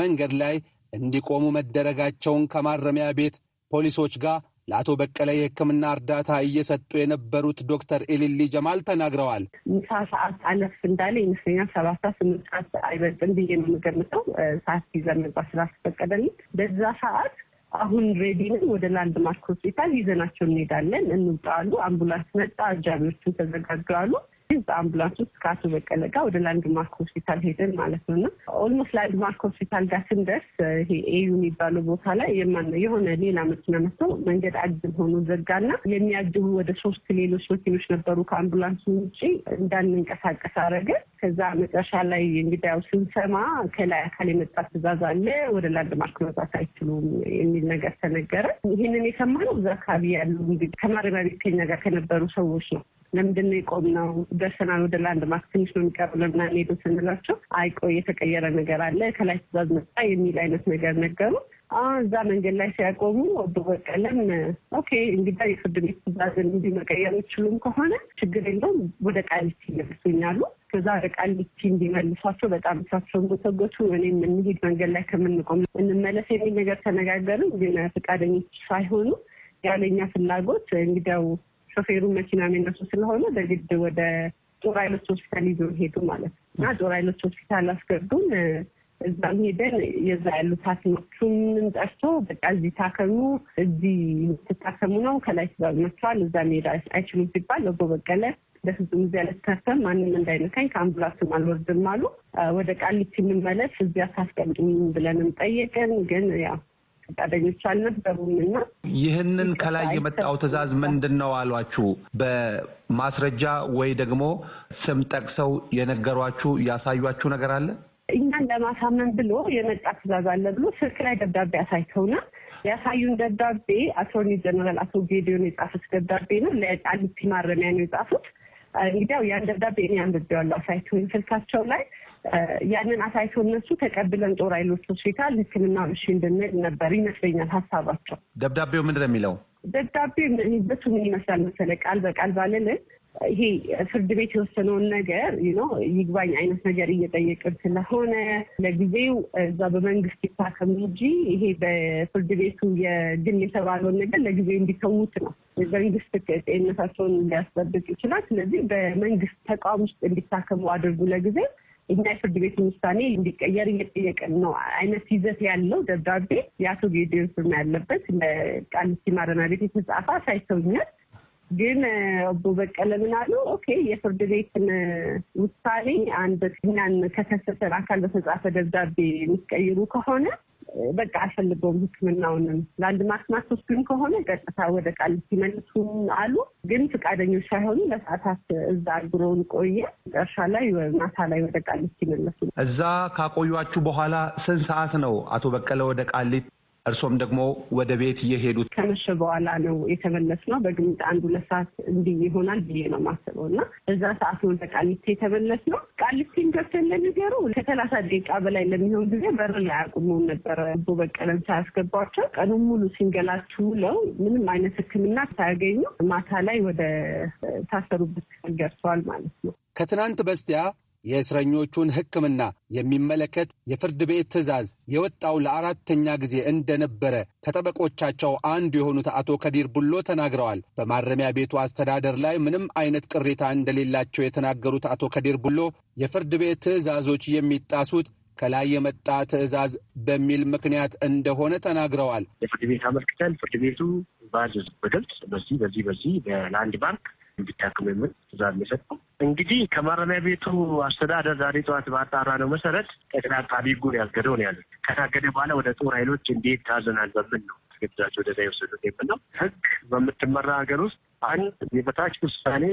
መንገድ ላይ እንዲቆሙ መደረጋቸውን ከማረሚያ ቤት ፖሊሶች ጋር ለአቶ በቀለ የሕክምና እርዳታ እየሰጡ የነበሩት ዶክተር ኢሊሊ ጀማል ተናግረዋል። ምሳ ሰዓት አለፍ እንዳለ ይመስለኛል ሰባታ ስምንት ሰዓት አይበልጥም ብዬ ነው የምገምተው። ሰዓት ይዘን ነበር ስላስፈቀደልን በዛ ሰዓት አሁን ሬዲ ነን፣ ወደ ላንድ ማርክ ሆስፒታል ይዘናቸው እንሄዳለን፣ እንውጣሉ። አምቡላንስ መጣ፣ አጃቢዎቹን ተዘጋጁ አሉ። በአምቡላንስ ውስጥ ከአቶ በቀለ ጋር ወደ ማርክ ሆስፒታል ሄደን ማለት ነው እና ኦልሞስት ማርክ ሆስፒታል ጋር ስንደርስ ይሄ ኤዩ የሚባለው ቦታ ላይ የሆነ ሌላ መኪና መጥቶ መንገድ አግድም ሆኖ ዘጋና የሚያጅቡ ወደ ሶስት ሌሎች መኪኖች ነበሩ። ከአምቡላንሱ ውጭ እንዳንንቀሳቀስ አደረገ። ከዛ መጨረሻ ላይ እንግዲህ ያው ስንሰማ ከላይ አካል የመጣ ትእዛዝ አለ ወደ ማርክ መውጣት አይችሉም የሚል ነገር ተነገረ። ይህንን የሰማነው እዛ አካባቢ ያሉ እንግዲህ ከማረሚያ ቤት ከኛ ጋር ከነበሩ ሰዎች ነው። ለምንድን ነው የቆምነው? ደርሰናል ወደ ላንድ ማርክ ትንሽ ነው የሚቀርብ ለምና ሄዱ ስንላቸው አይቆ የተቀየረ ነገር አለ ከላይ ትእዛዝ መጣ የሚል አይነት ነገር ነገሩ። እዛ መንገድ ላይ ሲያቆሙ ወዶ በቀለም ኦኬ እንግዳ የፍርድ ቤት ትእዛዝን እንዲህ መቀየር ይችሉም ከሆነ ችግር የለውም ወደ ቃሊቲ ይመልሱኛሉ። ከዛ ወደ ቃሊቲ እንዲመልሷቸው በጣም እሳቸውን ጎተጎቱ። እኔም እንሂድ መንገድ ላይ ከምንቆም እንመለስ የሚል ነገር ተነጋገርን። ግን ፈቃደኞች ሳይሆኑ ያለኛ ፍላጎት እንግዲያው ሾፌሩ መኪና የሚነሱ ስለሆነ በግድ ወደ ጦር ኃይሎች ሆስፒታል ይዞ ሄዱ ማለት ነው እና ጦር ኃይሎች ሆስፒታል አስገዱን። እዛም ሄደን የዛ ያሉት ሐኪሞቹንም ጠርቶ በቃ እዚህ ታከሙ፣ እዚህ ትታከሙ ነው ከላይ ትዛዝናቸዋል፣ እዛ መሄድ አይችሉም ሲባል ለጎ በቀለ በፍጹም እዚያ ልትታከም ማንም እንዳይነካኝ ከአምቡላንስም አልወርድም አሉ። ወደ ቃሊቲ እንመለስ እዚያ ታስቀምጡም ብለንም ጠየቅን ግን ያው ፈቃደኞች አልነበሩምና ይህንን ከላይ የመጣው ትዕዛዝ ምንድን ነው አሏችሁ? በማስረጃ ወይ ደግሞ ስም ጠቅሰው የነገሯችሁ ያሳዩችሁ ነገር አለ? እኛን ለማሳመን ብሎ የመጣ ትዕዛዝ አለ ብሎ ስልክ ላይ ደብዳቤ አሳይተውና ያሳዩን ደብዳቤ አቶርኒ ጀነራል አቶ ጌዲዮን የጻፉት ደብዳቤ ነው። ለቃሊቲ ማረሚያ ነው የጻፉት። እንግዲያው ያን ደብዳቤ እኔ አንብቤዋለሁ። አሳይተውን ስልካቸው ላይ ያንን አሳይቶ እነሱ ተቀብለን ጦር ኃይሎች ሆስፒታል ሕክምና እሺ እንድንል ነበር ይመስለኛል ሀሳባቸው። ደብዳቤው ምንድን ነው የሚለው? ደብዳቤ በሱ ምን ይመስላል መሰለ ቃል በቃል ባለልን ይሄ ፍርድ ቤት የወሰነውን ነገር ነው ይግባኝ አይነት ነገር እየጠየቅን ስለሆነ ለጊዜው እዛ በመንግስት ይታከም እንጂ ይሄ በፍርድ ቤቱ የግል የተባለውን ነገር ለጊዜው እንዲተዉት ነው። መንግስት ጤንነታቸውን ሊያስጠብቅ ይችላል። ስለዚህ በመንግስት ተቋም ውስጥ እንዲታከሙ አድርጉ ለጊዜው እኛ የፍርድ ቤት ውሳኔ እንዲቀየር እየጠየቅን ነው አይነት ይዘት ያለው ደብዳቤ የአቶ ጌዲዮን ስም ያለበት ለቃሊቲ ማረሚያ ቤት የተጻፈ አሳይተውኛል። ግን አቦ በቀለ ምን አሉ? ኦኬ የፍርድ ቤትን ውሳኔ አንድ እኛን ከከሰሰን አካል በተጻፈ ደብዳቤ የሚቀይሩ ከሆነ በቃ አልፈልገውም። ሕክምናውንም ለአንድ ማስማት ግን ከሆነ ቀጥታ ወደ ቃል ሲመልሱም አሉ። ግን ፈቃደኞች ሳይሆኑ ለሰዓታት እዛ አግሮን ቆየ። መጨረሻ ላይ ማታ ላይ ወደ ቃሊት ሲመለሱ እዛ ካቆዩችሁ በኋላ ስንት ሰዓት ነው አቶ በቀለ ወደ ቃሊት እርሶም ደግሞ ወደ ቤት እየሄዱት ከመሸ በኋላ ነው የተመለስ ነው። በግምት አንድ ሁለት ሰዓት እንዲህ ይሆናል ብዬ ነው ማስበው እና እዛ ሰዓት ነው ቃሊቲ የተመለስ ነው። ቃሊቲን ገብተን ለሚገሩ ከሰላሳ ደቂቃ በላይ ለሚሆን ጊዜ በር ላይ አቁመው ነበረ። ቦ በቀለም ሳያስገባቸው ቀኑ ሙሉ ሲንገላችሁ ውለው ምንም አይነት ሕክምና ሳያገኙ ማታ ላይ ወደ ታሰሩበት ገብተዋል ማለት ነው። ከትናንት በስቲያ የእስረኞቹን ሕክምና የሚመለከት የፍርድ ቤት ትዕዛዝ የወጣው ለአራተኛ ጊዜ እንደነበረ ከጠበቆቻቸው አንዱ የሆኑት አቶ ከዲር ቡሎ ተናግረዋል። በማረሚያ ቤቱ አስተዳደር ላይ ምንም አይነት ቅሬታ እንደሌላቸው የተናገሩት አቶ ከዲር ቡሎ የፍርድ ቤት ትዕዛዞች የሚጣሱት ከላይ የመጣ ትዕዛዝ በሚል ምክንያት እንደሆነ ተናግረዋል። የፍርድ ቤት አመልክተን ፍርድ ቤቱ ባዝ በግልጽ በዚህ በዚህ በዚህ በላንድ ባንክ እንዲታከሙ የሚል ትዕዛዝ የሚሰጥ እንግዲህ ከማረሚያ ቤቱ አስተዳደር ዛሬ ጠዋት ባጣራ ነው መሰረት ጠቅላይ አቃቢ ሕጉን ያገደው ነው ያሉት። ከታገደ በኋላ ወደ ጦር ኃይሎች እንዴት ታዘናል በምን ነው ግዛቸው ወደዛ የወሰዱት የሚል ነው። ህግ በምትመራ ሀገር ውስጥ አንድ የበታች ውሳኔ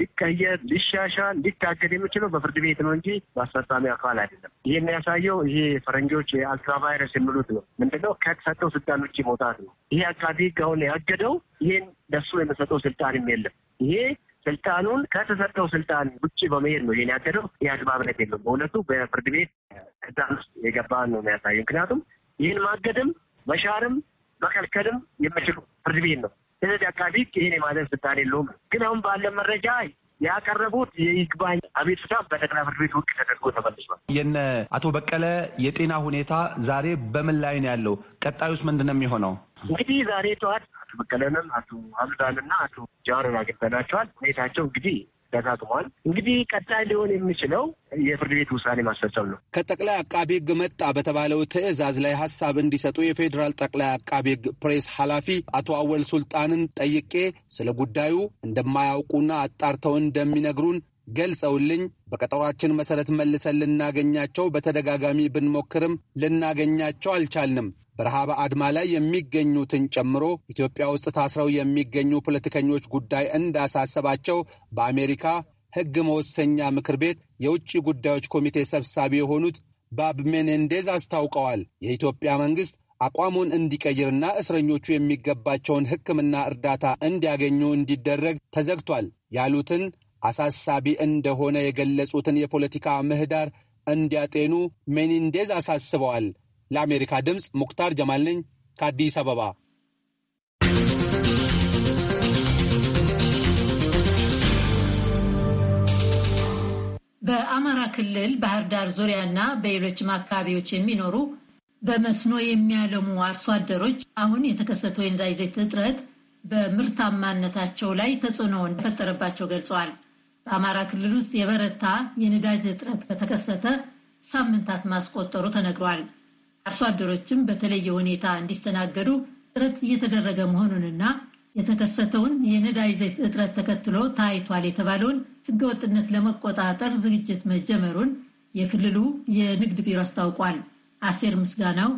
ሊቀየር፣ ሊሻሻል፣ ሊታገድ የሚችለው በፍርድ ቤት ነው እንጂ በአስፈጻሚ አካል አይደለም። ይህ የሚያሳየው ይሄ ፈረንጆች የአልትራ ቫይረስ የሚሉት ነው። ምንድነው ከተሰጠው ስልጣን ውጭ መውጣት ነው። ይሄ አቃቢ ሕግ አሁን ያገደው ይህን ለሱ የምሰጠው ስልጣንም የለም። ይሄ ስልጣኑን ከተሰጠው ስልጣን ውጭ በመሄድ ነው ይሄን ያገደው። ይህ አግባብነት የለውም በእውነቱ በፍርድ ቤት ከዛም ውስጥ የገባ ነው የሚያሳየው። ምክንያቱም ይህን ማገድም መሻርም መከልከልም የምችሉ ፍርድ ቤት ነው። ስለዚህ አቃቢ ይህን የማዘን ስልጣን የለውም። ግን አሁን ባለ መረጃ ያቀረቡት የይግባኝ አቤቱታ በጠቅላይ ፍርድ ቤት ውቅ ተደርጎ ተመልሷል። የነ አቶ በቀለ የጤና ሁኔታ ዛሬ በምን ላይ ነው ያለው? ቀጣዩስ ምንድን ነው የሚሆነው? እንግዲህ ዛሬ ጠዋት አቶ በቀለንም አቶ አብዳንና አቶ ጃዋርን አግኝተናቸዋል። ሁኔታቸው እንግዲህ ተቃቅሟል። እንግዲህ ቀጣይ ሊሆን የሚችለው የፍርድ ቤት ውሳኔ ማስፈጸም ነው። ከጠቅላይ አቃቤ ሕግ መጣ በተባለው ትዕዛዝ ላይ ሀሳብ እንዲሰጡ የፌዴራል ጠቅላይ አቃቤ ሕግ ፕሬስ ኃላፊ አቶ አወል ሱልጣንን ጠይቄ ስለ ጉዳዩ እንደማያውቁና አጣርተው እንደሚነግሩን ገልጸውልኝ በቀጠሯችን መሰረት መልሰን ልናገኛቸው በተደጋጋሚ ብንሞክርም ልናገኛቸው አልቻልንም። በረሃብ አድማ ላይ የሚገኙትን ጨምሮ ኢትዮጵያ ውስጥ ታስረው የሚገኙ ፖለቲከኞች ጉዳይ እንዳሳሰባቸው በአሜሪካ ሕግ መወሰኛ ምክር ቤት የውጭ ጉዳዮች ኮሚቴ ሰብሳቢ የሆኑት ባብ ሜኔንዴዝ አስታውቀዋል። የኢትዮጵያ መንግሥት አቋሙን እንዲቀይርና እስረኞቹ የሚገባቸውን ሕክምና እርዳታ እንዲያገኙ እንዲደረግ ተዘግቷል ያሉትን አሳሳቢ እንደሆነ የገለጹትን የፖለቲካ ምህዳር እንዲያጤኑ ሜኔንዴዝ አሳስበዋል። ለአሜሪካ ድምፅ ሙክታር ጀማል ነኝ ከአዲስ አበባ። በአማራ ክልል ባህር ዳር ዙሪያና በሌሎችም አካባቢዎች የሚኖሩ በመስኖ የሚያለሙ አርሶ አደሮች አሁን የተከሰተው የነዳጅ ዘይት እጥረት በምርታማነታቸው ላይ ተጽዕኖ እንደፈጠረባቸው ገልጸዋል። በአማራ ክልል ውስጥ የበረታ የነዳጅ እጥረት ከተከሰተ ሳምንታት ማስቆጠሩ ተነግሯል። አርሶ አደሮችም በተለየ ሁኔታ እንዲስተናገዱ ጥረት እየተደረገ መሆኑንና የተከሰተውን የነዳጅ ዘይት እጥረት ተከትሎ ታይቷል የተባለውን ህገወጥነት ለመቆጣጠር ዝግጅት መጀመሩን የክልሉ የንግድ ቢሮ አስታውቋል። አስቴር ምስጋናው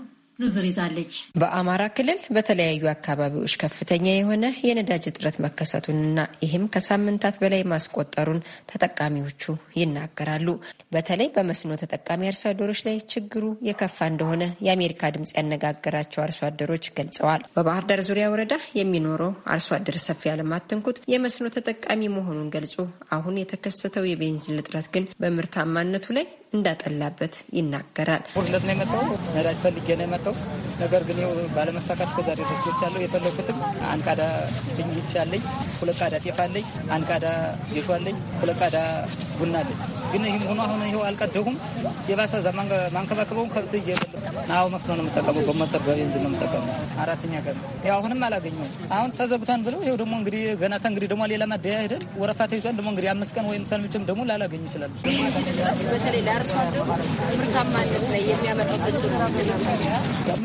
ዝርዝር ይዛለች። በአማራ ክልል በተለያዩ አካባቢዎች ከፍተኛ የሆነ የነዳጅ እጥረት መከሰቱንና ይህም ከሳምንታት በላይ ማስቆጠሩን ተጠቃሚዎቹ ይናገራሉ። በተለይ በመስኖ ተጠቃሚ አርሶ አደሮች ላይ ችግሩ የከፋ እንደሆነ የአሜሪካ ድምፅ ያነጋገራቸው አርሶ አደሮች ገልጸዋል። በባህር ዳር ዙሪያ ወረዳ የሚኖረው አርሶ አደር ሰፊ ያለማትንኩት የመስኖ ተጠቃሚ መሆኑን ገልጾ አሁን የተከሰተው የቤንዚን እጥረት ግን በምርታማነቱ ላይ እንዳጠላበት ይናገራል። ሁለት ነው የመጣው ነዳጅ ፈልጌ ነው የመጣው። ነገር ግን ይኸው ባለመሳካት እስከዛሬ ድረስ አለው። የፈለኩትም አንድ ቃዳ ድንች አለኝ፣ ሁለት ቃዳ ጤፍ አለኝ፣ አንድ ቃዳ ጌሾ አለኝ፣ ሁለት ቃዳ ቡና አለኝ። ግን ይህም ሆኖ አሁን ይኸው አልቀደሁም። የባሰ እዛ ማንከባከበውን ከብት ናሁ መስኖ ነው የምጠቀመው፣ በመጠር በቤንዝ ነው የምጠቀመው። አራተኛ ቀን ያው አሁንም አላገኘሁም። አሁን ተዘግቷን ብለው ይኸው ደግሞ እንግዲህ ገና እንግዲህ ደግሞ ሌላ ማደያ ሄደን ወረፋ ተይዟን ደግሞ እንግዲህ አምስት ቀን ወይም ሰልምጭም ደግሞ ላላገኝ ይችላል አርሶ አደሩ ምርታማነት ላይ የሚያመጣው ተጽዕኖ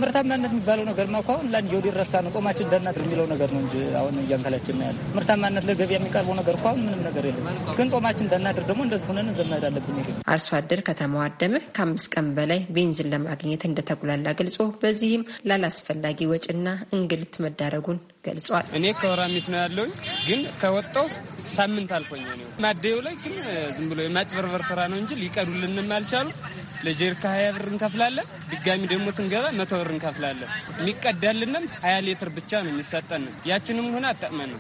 ምርታማነት የሚባለው ነገር ማ አሁን ላን ጆዲ ረሳ ነው ቆማችን ደናድር የሚለው ነገር ነው እንጂ አሁን እያንከላችን ያለ ምርታማነት ለገበያ የሚቀርበው ነገር እኮ አሁን ምንም ነገር የለም። ግን ጾማችን ደናድር ደግሞ እንደዚህ ሆነን ዘመድ አለብን። አርሶ አደር ከተማዋ አደመ ከአምስት ቀን በላይ ቤንዝን ለማግኘት እንደተጉላላ ገልጾ በዚህም ላላስፈላጊ ወጪና እንግልት መዳረጉን ገልጿል። እኔ ከወራሚት ነው ያለውኝ ግን ከወጣው ሳምንት አልፎኝ ነው። ማደየው ላይ ግን ዝም ብሎ የማጭበርበር ስራ ነው እንጂ ሊቀዱልንም አልቻሉ። ለጀሪካ ሀያ ብር እንከፍላለን። ድጋሚ ደግሞ ስንገባ መቶ ብር እንከፍላለን። የሚቀዳልንም ሀያ ሌትር ብቻ ነው የሚሰጠን። ያችንም ሆነ አጠቅመን ነው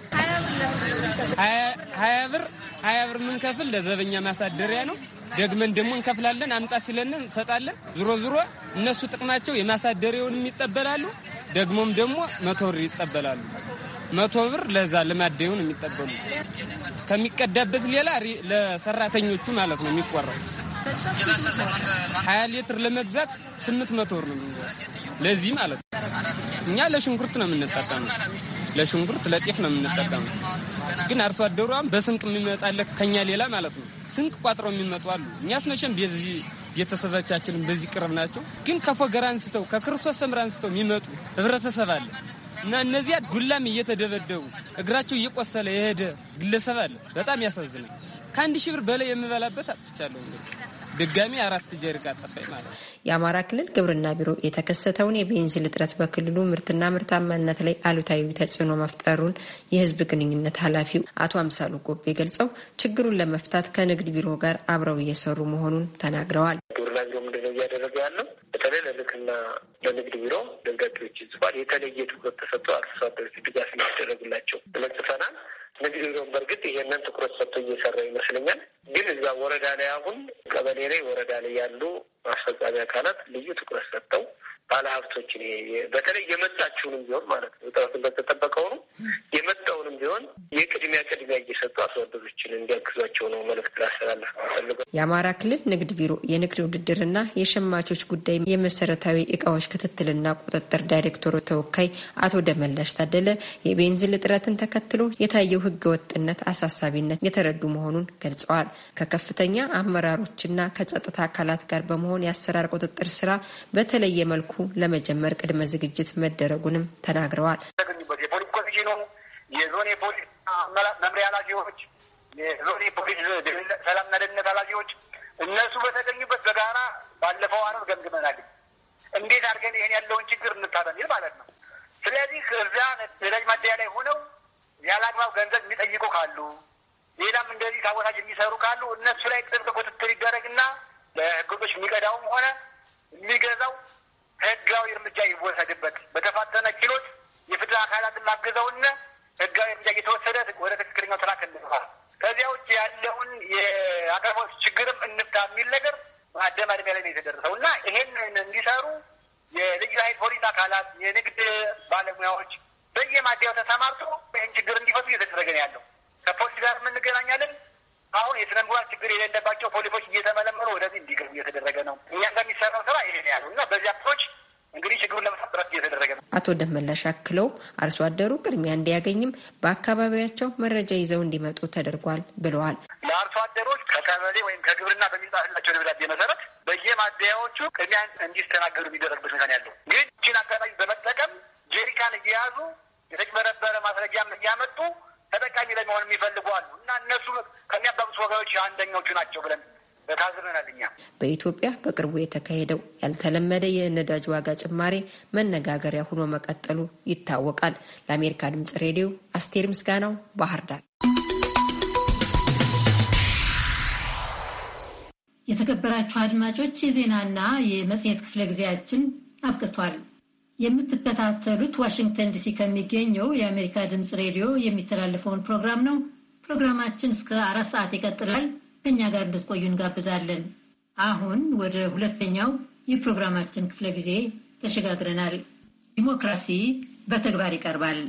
ሀያ ብር ሀያ ብር የምንከፍል ለዘበኛ ማሳደሪያ ነው። ደግመን ደግሞ እንከፍላለን። አምጣ ሲለንን እንሰጣለን። ዙሮ ዙሮ እነሱ ጥቅማቸው የማሳደሪያውንም ይጠበላሉ። ደግሞም ደግሞ መቶ ብር ይጠበላሉ። መቶ ብር ለዛ ልማት ዴው ነው የሚጠበሙ ከሚቀዳበት ሌላ ለሰራተኞቹ ማለት ነው የሚቆራው። ሀያ ሊትር ለመግዛት ስምንት መቶ ብር ነው ለዚህ ማለት ነው። እኛ ለሽንኩርት ነው የምንጠቀመው፣ ለሽንኩርት ለጤፍ ነው የምንጠቀመው። ግን አርሶ አደሯም በስንቅ የሚመጣለት ከኛ ሌላ ማለት ነው። ስንቅ ቋጥረው የሚመጡ አሉ። እኛስ መቼም በዚህ ቤተሰቦቻችንም በዚህ ቅርብ ናቸው። ግን ከፎገራ አንስተው ከክርስቶስ ሰምራ አንስተው የሚመጡ ህብረተሰብ አለ እና እነዚያ ዱላም እየተደበደቡ እግራቸው እየቆሰለ የሄደ ግለሰብ አለ። በጣም ያሳዝናል። ከአንድ ሺህ ብር በላይ የምበላበት አጥፍቻለሁ። ድጋሚ አራት ጀሪካ ጠፋኝ ማለት ነው። የአማራ ክልል ግብርና ቢሮ የተከሰተውን የቤንዚን እጥረት በክልሉ ምርትና ምርታማነት ላይ አሉታዊ ተጽዕኖ መፍጠሩን የሕዝብ ግንኙነት ኃላፊው አቶ አምሳሉ ጎቤ ገልጸው ችግሩን ለመፍታት ከንግድ ቢሮ ጋር አብረው እየሰሩ መሆኑን ተናግረዋል። ልክና በንግድ ቢሮ ደብዳቤዎች ይጽፋል። የተለየ ትኩረት ተሰጥቶ አርሶ አደሮች ድጋፍ እንዲደረግላቸው ብለን ጽፈናል። ንግድ ቢሮን በእርግጥ ይሄንን ትኩረት ሰጥቶ እየሰራ ይመስለኛል። ግን እዛ ወረዳ ላይ አሁን ቀበሌ ላይ፣ ወረዳ ላይ ያሉ ማስፈጻሚ አካላት ልዩ ትኩረት ሰጥተው ባለሀብቶችን በተለይ የመጣችውንም ቢሆን ማለት ነው ጥረት እንደተጠበቀው ነው የመጣውንም ቢሆን የቅድሚያ ቅድሚያ እየሰጡ አስወደዶችን እንዲያግዟቸው ነው መልዕክት ላስተላለፍ ፈልገ የአማራ ክልል ንግድ ቢሮ የንግድ ውድድርና የሸማቾች ጉዳይ የመሰረታዊ እቃዎች ክትትልና ቁጥጥር ዳይሬክተሮች ተወካይ አቶ ደመላሽ ታደለ የቤንዚን እጥረትን ተከትሎ የታየው ህገወጥነት አሳሳቢነት የተረዱ መሆኑን ገልጸዋል። ከከፍተኛ አመራሮችና ከጸጥታ አካላት ጋር በመሆን የአሰራር ቁጥጥር ስራ በተለየ መልኩ ለመጀመር ቅድመ ዝግጅት መደረጉንም ተናግረዋል። የፖሊስ ኮሚሽኑ፣ የዞን የፖሊስ መምሪያ ኃላፊዎች፣ የዞን የፖሊስ ሰላምና ደህንነት ኃላፊዎች እነሱ በተገኙበት በጋራ ባለፈው አረብ ገምግመናል። እንዴት አድርገን ይሄን ያለውን ችግር እንታረሚል ማለት ነው። ስለዚህ እዚያ ነዳጅ ማደያ ላይ ሆነው ያለ አግባብ ገንዘብ የሚጠይቁ ካሉ ሌላም እንደዚህ ታቦታች የሚሰሩ ካሉ እነሱ ላይ ጥብቅ ቁጥጥር ይደረግና ለህጎቶች የሚቀዳውም ሆነ የሚገዛው ህጋዊ እርምጃ ይወሰድበት። በተፋጠነ ችሎት የፍትህ አካላትን ማገዘውና ህጋዊ እርምጃ እየተወሰደ ወደ ትክክለኛው ትራክ እንፋል። ከዚያ ውጭ ያለውን የአቅርቦት ችግርም እንፍታ የሚል ነገር አድሜ ላይ ነው የተደረሰው እና ይሄን እንዲሰሩ የልዩ ኃይል ፖሊስ አካላት፣ የንግድ ባለሙያዎች በየማዲያው ተሰማርቶ ይህን ችግር እንዲፈቱ እየተደረገ ነው ያለው። ከፖሊስ ጋር የምንገናኛለን። አሁን የስነ ምግባር ችግር የሌለባቸው ፖሊሶች እየተመለመሉ ወደዚህ እንዲገቡ እየተደረገ ነው። እኛ ከሚሰራው ስራ ይሄን ያሉ እና በዚህ አፕሮች እንግዲህ ችግሩን ለመሳት ጥረት እየተደረገ ነው። አቶ ደመላሽ አክለው አርሶ አደሩ ቅድሚያ እንዲያገኝም በአካባቢያቸው መረጃ ይዘው እንዲመጡ ተደርጓል ብለዋል። ለአርሶ አደሮች ከቀበሌ ወይም ከግብርና በሚጻፍላቸው ደብዳቤ መሰረት በየማደያዎቹ ቅድሚያ እንዲስተናገዱ የሚደረግበት ሁኔታ ያለው ግን ቺን አካባቢ በመጠቀም ጄሪካን እየያዙ የተጭበረበረ ማስረጃም እያመጡ ተጠቃሚ ለመሆን የሚፈልጉ አሉ እና እነሱ ከሚያባብሱ ወገኖች አንደኞቹ ናቸው ብለን በኢትዮጵያ በቅርቡ የተካሄደው ያልተለመደ የነዳጅ ዋጋ ጭማሬ መነጋገሪያ ሆኖ መቀጠሉ ይታወቃል። ለአሜሪካ ድምጽ ሬዲዮ አስቴር ምስጋናው ባህር ዳር። የተከበራችሁ አድማጮች የዜናና የመጽሔት ክፍለ ጊዜያችን አብቅቷል። የምትከታተሉት ዋሽንግተን ዲሲ ከሚገኘው የአሜሪካ ድምፅ ሬዲዮ የሚተላለፈውን ፕሮግራም ነው። ፕሮግራማችን እስከ አራት ሰዓት ይቀጥላል። ከእኛ ጋር እንድትቆዩ እንጋብዛለን። አሁን ወደ ሁለተኛው የፕሮግራማችን ክፍለ ጊዜ ተሸጋግረናል። ዲሞክራሲ በተግባር ይቀርባል።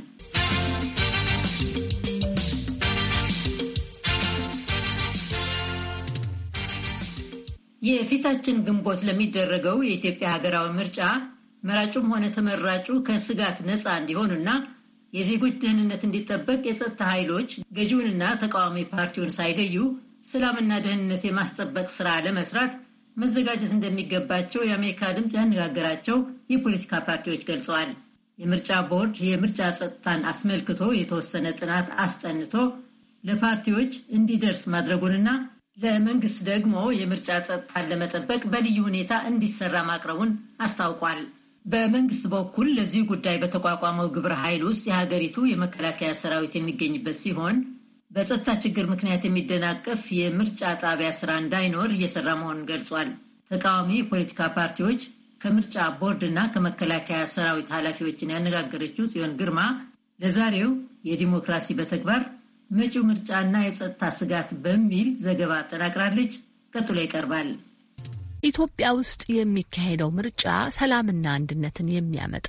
የፊታችን ግንቦት ለሚደረገው የኢትዮጵያ ሀገራዊ ምርጫ መራጩም ሆነ ተመራጩ ከስጋት ነፃ እንዲሆኑና የዜጎች ደህንነት እንዲጠበቅ የጸጥታ ኃይሎች ገዢውንና ተቃዋሚ ፓርቲውን ሳይለዩ ሰላምና ደህንነት የማስጠበቅ ስራ ለመስራት መዘጋጀት እንደሚገባቸው የአሜሪካ ድምፅ ያነጋገራቸው የፖለቲካ ፓርቲዎች ገልጸዋል። የምርጫ ቦርድ የምርጫ ጸጥታን አስመልክቶ የተወሰነ ጥናት አስጠንቶ ለፓርቲዎች እንዲደርስ ማድረጉንና ለመንግስት ደግሞ የምርጫ ጸጥታን ለመጠበቅ በልዩ ሁኔታ እንዲሰራ ማቅረቡን አስታውቋል። በመንግስት በኩል ለዚህ ጉዳይ በተቋቋመው ግብረ ኃይል ውስጥ የሀገሪቱ የመከላከያ ሰራዊት የሚገኝበት ሲሆን በጸጥታ ችግር ምክንያት የሚደናቀፍ የምርጫ ጣቢያ ስራ እንዳይኖር እየሰራ መሆኑን ገልጿል። ተቃዋሚ የፖለቲካ ፓርቲዎች ከምርጫ ቦርድ እና ከመከላከያ ሰራዊት ኃላፊዎችን ያነጋገረችው ጽዮን ግርማ ለዛሬው የዲሞክራሲ በተግባር መጪው ምርጫና የጸጥታ ስጋት በሚል ዘገባ አጠናቅራለች። ቀጥሎ ይቀርባል። ኢትዮጵያ ውስጥ የሚካሄደው ምርጫ ሰላምና አንድነትን የሚያመጣ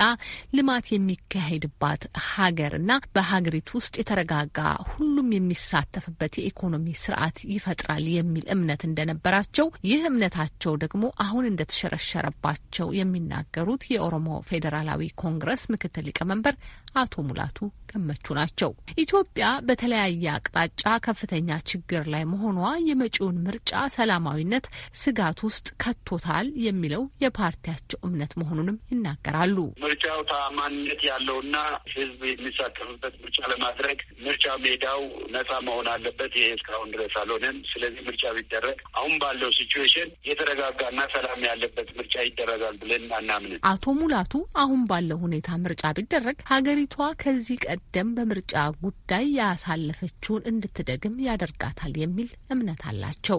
ልማት የሚካሄድባት ሀገርና በሀገሪቱ ውስጥ የተረጋጋ ሁሉም የሚሳተፍበት የኢኮኖሚ ስርዓት ይፈጥራል የሚል እምነት እንደነበራቸው ይህ እምነታቸው ደግሞ አሁን እንደተሸረሸረባቸው የሚናገሩት የኦሮሞ ፌዴራላዊ ኮንግረስ ምክትል ሊቀመንበር አቶ ሙላቱ ገመቹ ናቸው። ኢትዮጵያ በተለያየ አቅጣጫ ከፍተኛ ችግር ላይ መሆኗ የመጪውን ምርጫ ሰላማዊነት ስጋት ውስጥ ከቶታል የሚለው የፓርቲያቸው እምነት መሆኑንም ይናገራሉ። ምርጫው ታማኝነት ያለውና ሕዝብ የሚሳተፍበት ምርጫ ለማድረግ ምርጫ ሜዳው ነጻ መሆን አለበት። ይህ እስካሁን ድረስ አልሆነም። ስለዚህ ምርጫ ቢደረግ አሁን ባለው ሲቹዌሽን የተረጋጋና ሰላም ያለበት ምርጫ ይደረጋል ብለን አናምንም። አቶ ሙላቱ አሁን ባለው ሁኔታ ምርጫ ቢደረግ ሀገሪ ሀገሪቷ ከዚህ ቀደም በምርጫ ጉዳይ ያሳለፈችውን እንድትደግም ያደርጋታል የሚል እምነት አላቸው።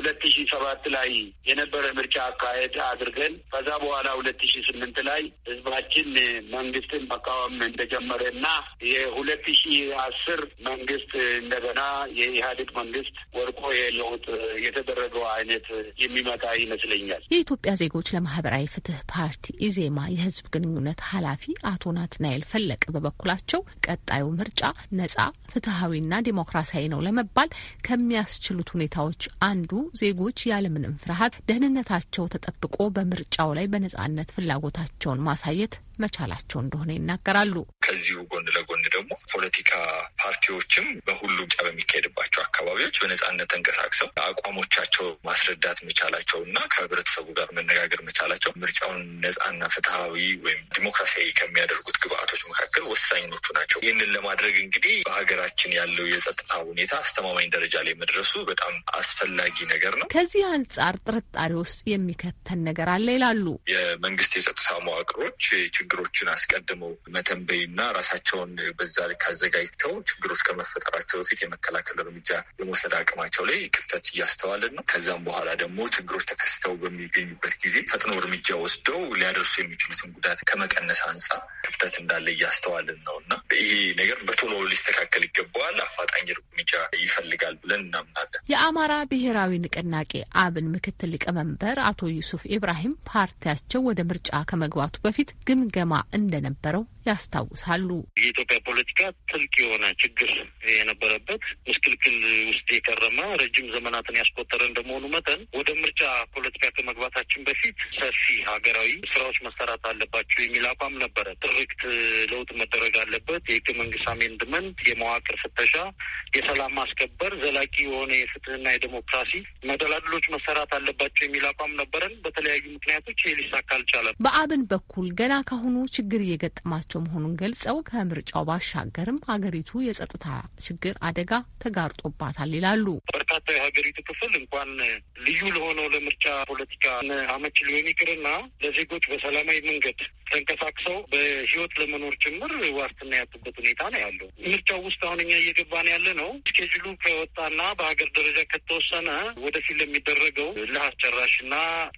ሁለት ሺ ሰባት ላይ የነበረ ምርጫ አካሄድ አድርገን ከዛ በኋላ ሁለት ሺ ስምንት ላይ ህዝባችን መንግስትን መቃወም እንደጀመረ እና የሁለት ሺ አስር መንግስት እንደገና የኢህአዴግ መንግስት ወርቆ የለውጥ የተደረገው አይነት የሚመጣ ይመስለኛል። የኢትዮጵያ ዜጎች ለማህበራዊ ፍትህ ፓርቲ ኢዜማ የህዝብ ግንኙነት ኃላፊ አቶ ናትናኤል ፈለቀ በበኩላቸው ቀጣዩ ምርጫ ነጻ ፍትሐዊና ዲሞክራሲያዊ ነው ለመባል ከሚያስችሉት ሁኔታዎች አንዱ ዜጎች ያለምንም ፍርሃት ደህንነታቸው ተጠብቆ በምርጫው ላይ በነጻነት ፍላጎታቸውን ማሳየት መቻላቸው እንደሆነ ይናገራሉ። ከዚሁ ጎን ለጎን ደግሞ ፖለቲካ ፓርቲዎችም በሁሉ ምርጫ በሚካሄድባቸው አካባቢዎች በነጻነት ተንቀሳቅሰው አቋሞቻቸው ማስረዳት መቻላቸው እና ከህብረተሰቡ ጋር መነጋገር መቻላቸው ምርጫውን ነጻና ፍትሐዊ ወይም ዲሞክራሲያዊ ከሚያደርጉት ግብአቶች መካከል ወሳኞቹ ናቸው። ይህንን ለማድረግ እንግዲህ በሀገራችን ያለው የጸጥታ ሁኔታ አስተማማኝ ደረጃ ላይ መድረሱ በጣም አስፈላጊ ነገር ነው። ከዚህ አንጻር ጥርጣሬ ውስጥ የሚከተን ነገር አለ ይላሉ። የመንግስት የጸጥታ መዋቅሮች ችግሮችን አስቀድመው መተንበይና ራሳቸውን በዛ አዘጋጅተው ችግሮች ከመፈጠራቸው በፊት የመከላከል እርምጃ የመውሰድ አቅማቸው ላይ ክፍተት እያስተዋልን ነው። ከዛም በኋላ ደግሞ ችግሮች ተከስተው በሚገኙበት ጊዜ ፈጥኖ እርምጃ ወስደው ሊያደርሱ የሚችሉትን ጉዳት ከመቀነስ አንጻር ክፍተት እንዳለ እያስተዋልን ነው እና ይሄ ነገር በቶሎ ሊስተካከል ይገባዋል፣ አፋጣኝ እርምጃ ይፈልጋል ብለን እናምናለን። የአማራ ብሔራዊ ንቅናቄ አብን ምክትል ሊቀመንበር አቶ ዩሱፍ ኢብራሂም ፓርቲያቸው ወደ ምርጫ ከመግባቱ በፊት ግምገማ እንደነበረው ያስታውሳሉ። የኢትዮጵያ ፖለቲካ ትልቅ የሆነ ችግር የነበረበት ምስክልክል ውስጥ የከረመ ረጅም ዘመናትን ያስቆጠረ እንደመሆኑ መጠን ወደ ምርጫ ፖለቲካ ከመግባታችን በፊት ሰፊ ሀገራዊ ስራዎች መሰራት አለባቸው የሚል አቋም ነበረ። ትርክት ለውጥ መደረግ አለበት፣ የህገ መንግስት አሜንድመንት፣ የመዋቅር ፍተሻ፣ የሰላም ማስከበር፣ ዘላቂ የሆነ የፍትህና የዴሞክራሲ መደላድሎች መሰራት አለባቸው የሚል አቋም ነበረን። በተለያዩ ምክንያቶች ይህ ሊሳካ አልቻለም። በአብን በኩል ገና ካሁኑ ችግር እየገጠማቸው ያላቸው መሆኑን ገልጸው ከምርጫው ባሻገርም ሀገሪቱ የጸጥታ ችግር አደጋ ተጋርጦባታል ይላሉ። በርካታ የሀገሪቱ ክፍል እንኳን ልዩ ለሆነው ለምርጫ ፖለቲካ አመች ሊሆን ይቅርና ለዜጎች በሰላማዊ መንገድ ተንቀሳቅሰው በህይወት ለመኖር ጭምር ዋስትና ያጡበት ሁኔታ ነው ያለው። ምርጫው ውስጥ አሁን እኛ እየገባን ያለ ነው። ስኬጅሉ ከወጣና በሀገር ደረጃ ከተወሰነ ወደፊት ለሚደረገው ለአስጨራሽና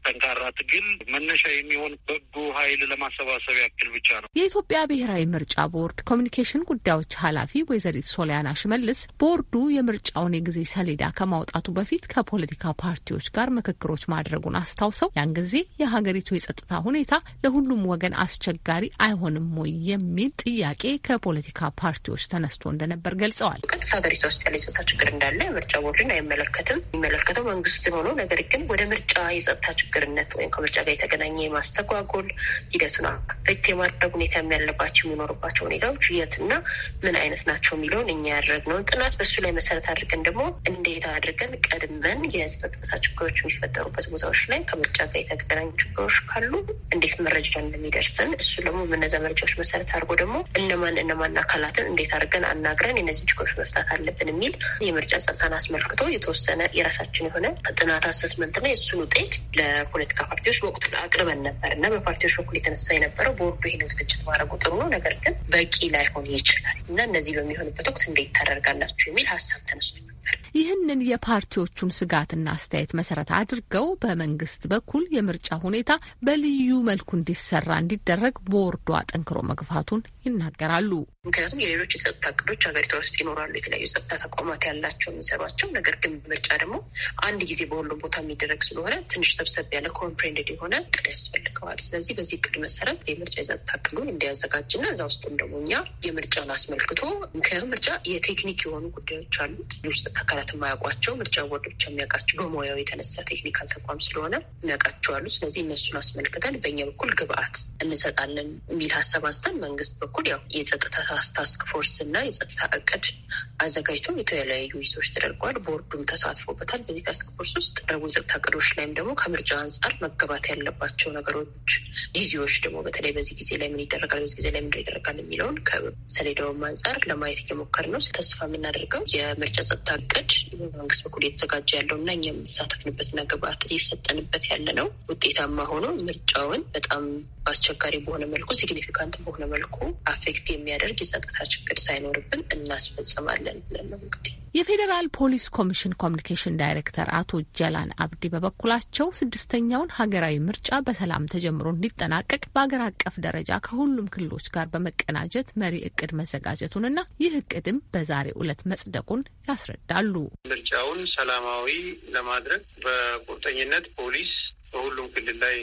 ጠንካራ ትግል መነሻ የሚሆን በጎ ኃይል ለማሰባሰብ ያክል ብቻ ነው። የኢትዮጵያ ብሔራዊ ምርጫ ቦርድ ኮሚኒኬሽን ጉዳዮች ኃላፊ ወይዘሪት ሶሊያና ሽመልስ ቦርዱ የምርጫውን የጊዜ ሰሌዳ ከማውጣቱ በፊት ከፖለቲካ ፓርቲዎች ጋር ምክክሮች ማድረጉን አስታውሰው ያን ጊዜ የሀገሪቱ የጸጥታ ሁኔታ ለሁሉም ወገን አስቸጋሪ አይሆንም ወይ የሚል ጥያቄ ከፖለቲካ ፓርቲዎች ተነስቶ እንደነበር ገልጸዋል። ቀጥታ ሀገሪቷ ውስጥ ያለ የጸጥታ ችግር እንዳለ የምርጫ ቦርድን አይመለከትም። የሚመለከተው መንግስትን ሆኖ ነገር ግን ወደ ምርጫ የጸጥታ ችግርነት ወይም ከምርጫ ጋር የተገናኘ የማስተጓጎል ሂደቱን አፌክት የማድረግ ሁኔታ የሚያለ ያለባቸው የሚኖሩባቸው ሁኔታዎች የት እና ምን አይነት ናቸው የሚለውን እኛ ያደረግነውን ጥናት በሱ ላይ መሰረት አድርገን ደግሞ እንዴት አድርገን ቀድመን የጸጥታ ችግሮች የሚፈጠሩበት ቦታዎች ላይ ከምርጫ ጋር የተገናኙ ችግሮች ካሉ እንዴት መረጃ እንደሚደርስን እሱ ደግሞ እነዚያ መረጃዎች መሰረት አድርጎ ደግሞ እነማን እነማን አካላትን እንዴት አድርገን አናግረን የነዚህ ችግሮች መፍታት አለብን የሚል የምርጫ ጸጥታን አስመልክቶ የተወሰነ የራሳችን የሆነ ጥናት አሰስመንትና የእሱን ውጤት ለፖለቲካ ፓርቲዎች በወቅቱ አቅርበን ነበር እና በፓርቲዎች በኩል የተነሳ የነበረው ቦርዱ ይህንን ዝግጅት ማድረጉ ጥሩ ነው፣ ነገር ግን በቂ ላይሆን ይችላል እና እነዚህ በሚሆንበት ወቅት እንዴት ታደርጋላችሁ የሚል ሀሳብ ተነስቶ ይህንን የፓርቲዎቹን ስጋትና አስተያየት መሰረት አድርገው በመንግስት በኩል የምርጫ ሁኔታ በልዩ መልኩ እንዲሰራ እንዲደረግ ቦርዱ አጠንክሮ መግፋቱን ይናገራሉ። ምክንያቱም የሌሎች የጸጥታ እቅዶች ሀገሪቷ ውስጥ ይኖራሉ። የተለያዩ ጸጥታ ተቋማት ያላቸው የሚሰሯቸው ነገር ግን ምርጫ ደግሞ አንድ ጊዜ በሁሉም ቦታ የሚደረግ ስለሆነ ትንሽ ሰብሰብ ያለ ኮምፕሬንድ የሆነ እቅድ ያስፈልገዋል። ስለዚህ በዚህ እቅድ መሰረት የምርጫ የጸጥታ እቅዱን እንዲያዘጋጅና እዛ ውስጥም ደግሞ እኛ የምርጫን አስመልክቶ ምክንያቱም ምርጫ የቴክኒክ የሆኑ ጉዳዮች አሉት ውስጥ አካላት የማያውቋቸው ምርጫ ቦርድ ብቻ የሚያውቃቸው በሙያው የተነሳ ቴክኒካል ተቋም ስለሆነ የሚያውቃቸው አሉ። ስለዚህ እነሱን አስመልክተን በእኛ በኩል ግብአት እንሰጣለን የሚል ሀሳብ አንስተን መንግስት በኩል ያው የጸጥታ ታስክ ፎርስ እና የጸጥታ እቅድ አዘጋጅቶ የተለያዩ ይዞች ተደርገዋል። ቦርዱም ተሳትፎበታል። በዚህ ታስክ ፎርስ ውስጥ ደግሞ የጸጥታ እቅዶች ላይም ደግሞ ከምርጫ አንጻር መገባት ያለባቸው ነገሮች ጊዜዎች ደግሞ በተለይ በዚህ ጊዜ ላይ ምን ይደረጋል፣ በዚህ ጊዜ ላይ ምን ይደረጋል የሚለውን ከሰሌዳውም አንጻር ለማየት እየሞከር ነው። ተስፋ የምናደርገው የምርጫ ጸጥታ እቅድ በመንግስት በኩል እየተዘጋጀ ያለው እና እኛ የምንሳተፍንበትና ግብአት እየሰጠንበት ያለ ነው። ውጤታማ ሆኖ ምርጫውን በጣም አስቸጋሪ በሆነ መልኩ ሲግኒፊካንት በሆነ መልኩ አፌክት የሚያደርግ የጸጥታ ችግር ሳይኖርብን እናስፈጽማለን ብለን ነው እንግዲህ። የፌዴራል ፖሊስ ኮሚሽን ኮሚኒኬሽን ዳይሬክተር አቶ ጀላን አብዲ በበኩላቸው ስድስተኛውን ሀገራዊ ምርጫ በሰላም ተጀምሮ እንዲጠናቀቅ በሀገር አቀፍ ደረጃ ከሁሉም ክልሎች ጋር በመቀናጀት መሪ እቅድ መዘጋጀቱንና ይህ እቅድም በዛሬ ዕለት መጽደቁን ያስረዳሉ። ምርጫውን ሰላማዊ ለማድረግ በቁርጠኝነት ፖሊስ በሁሉም ክልል ላይ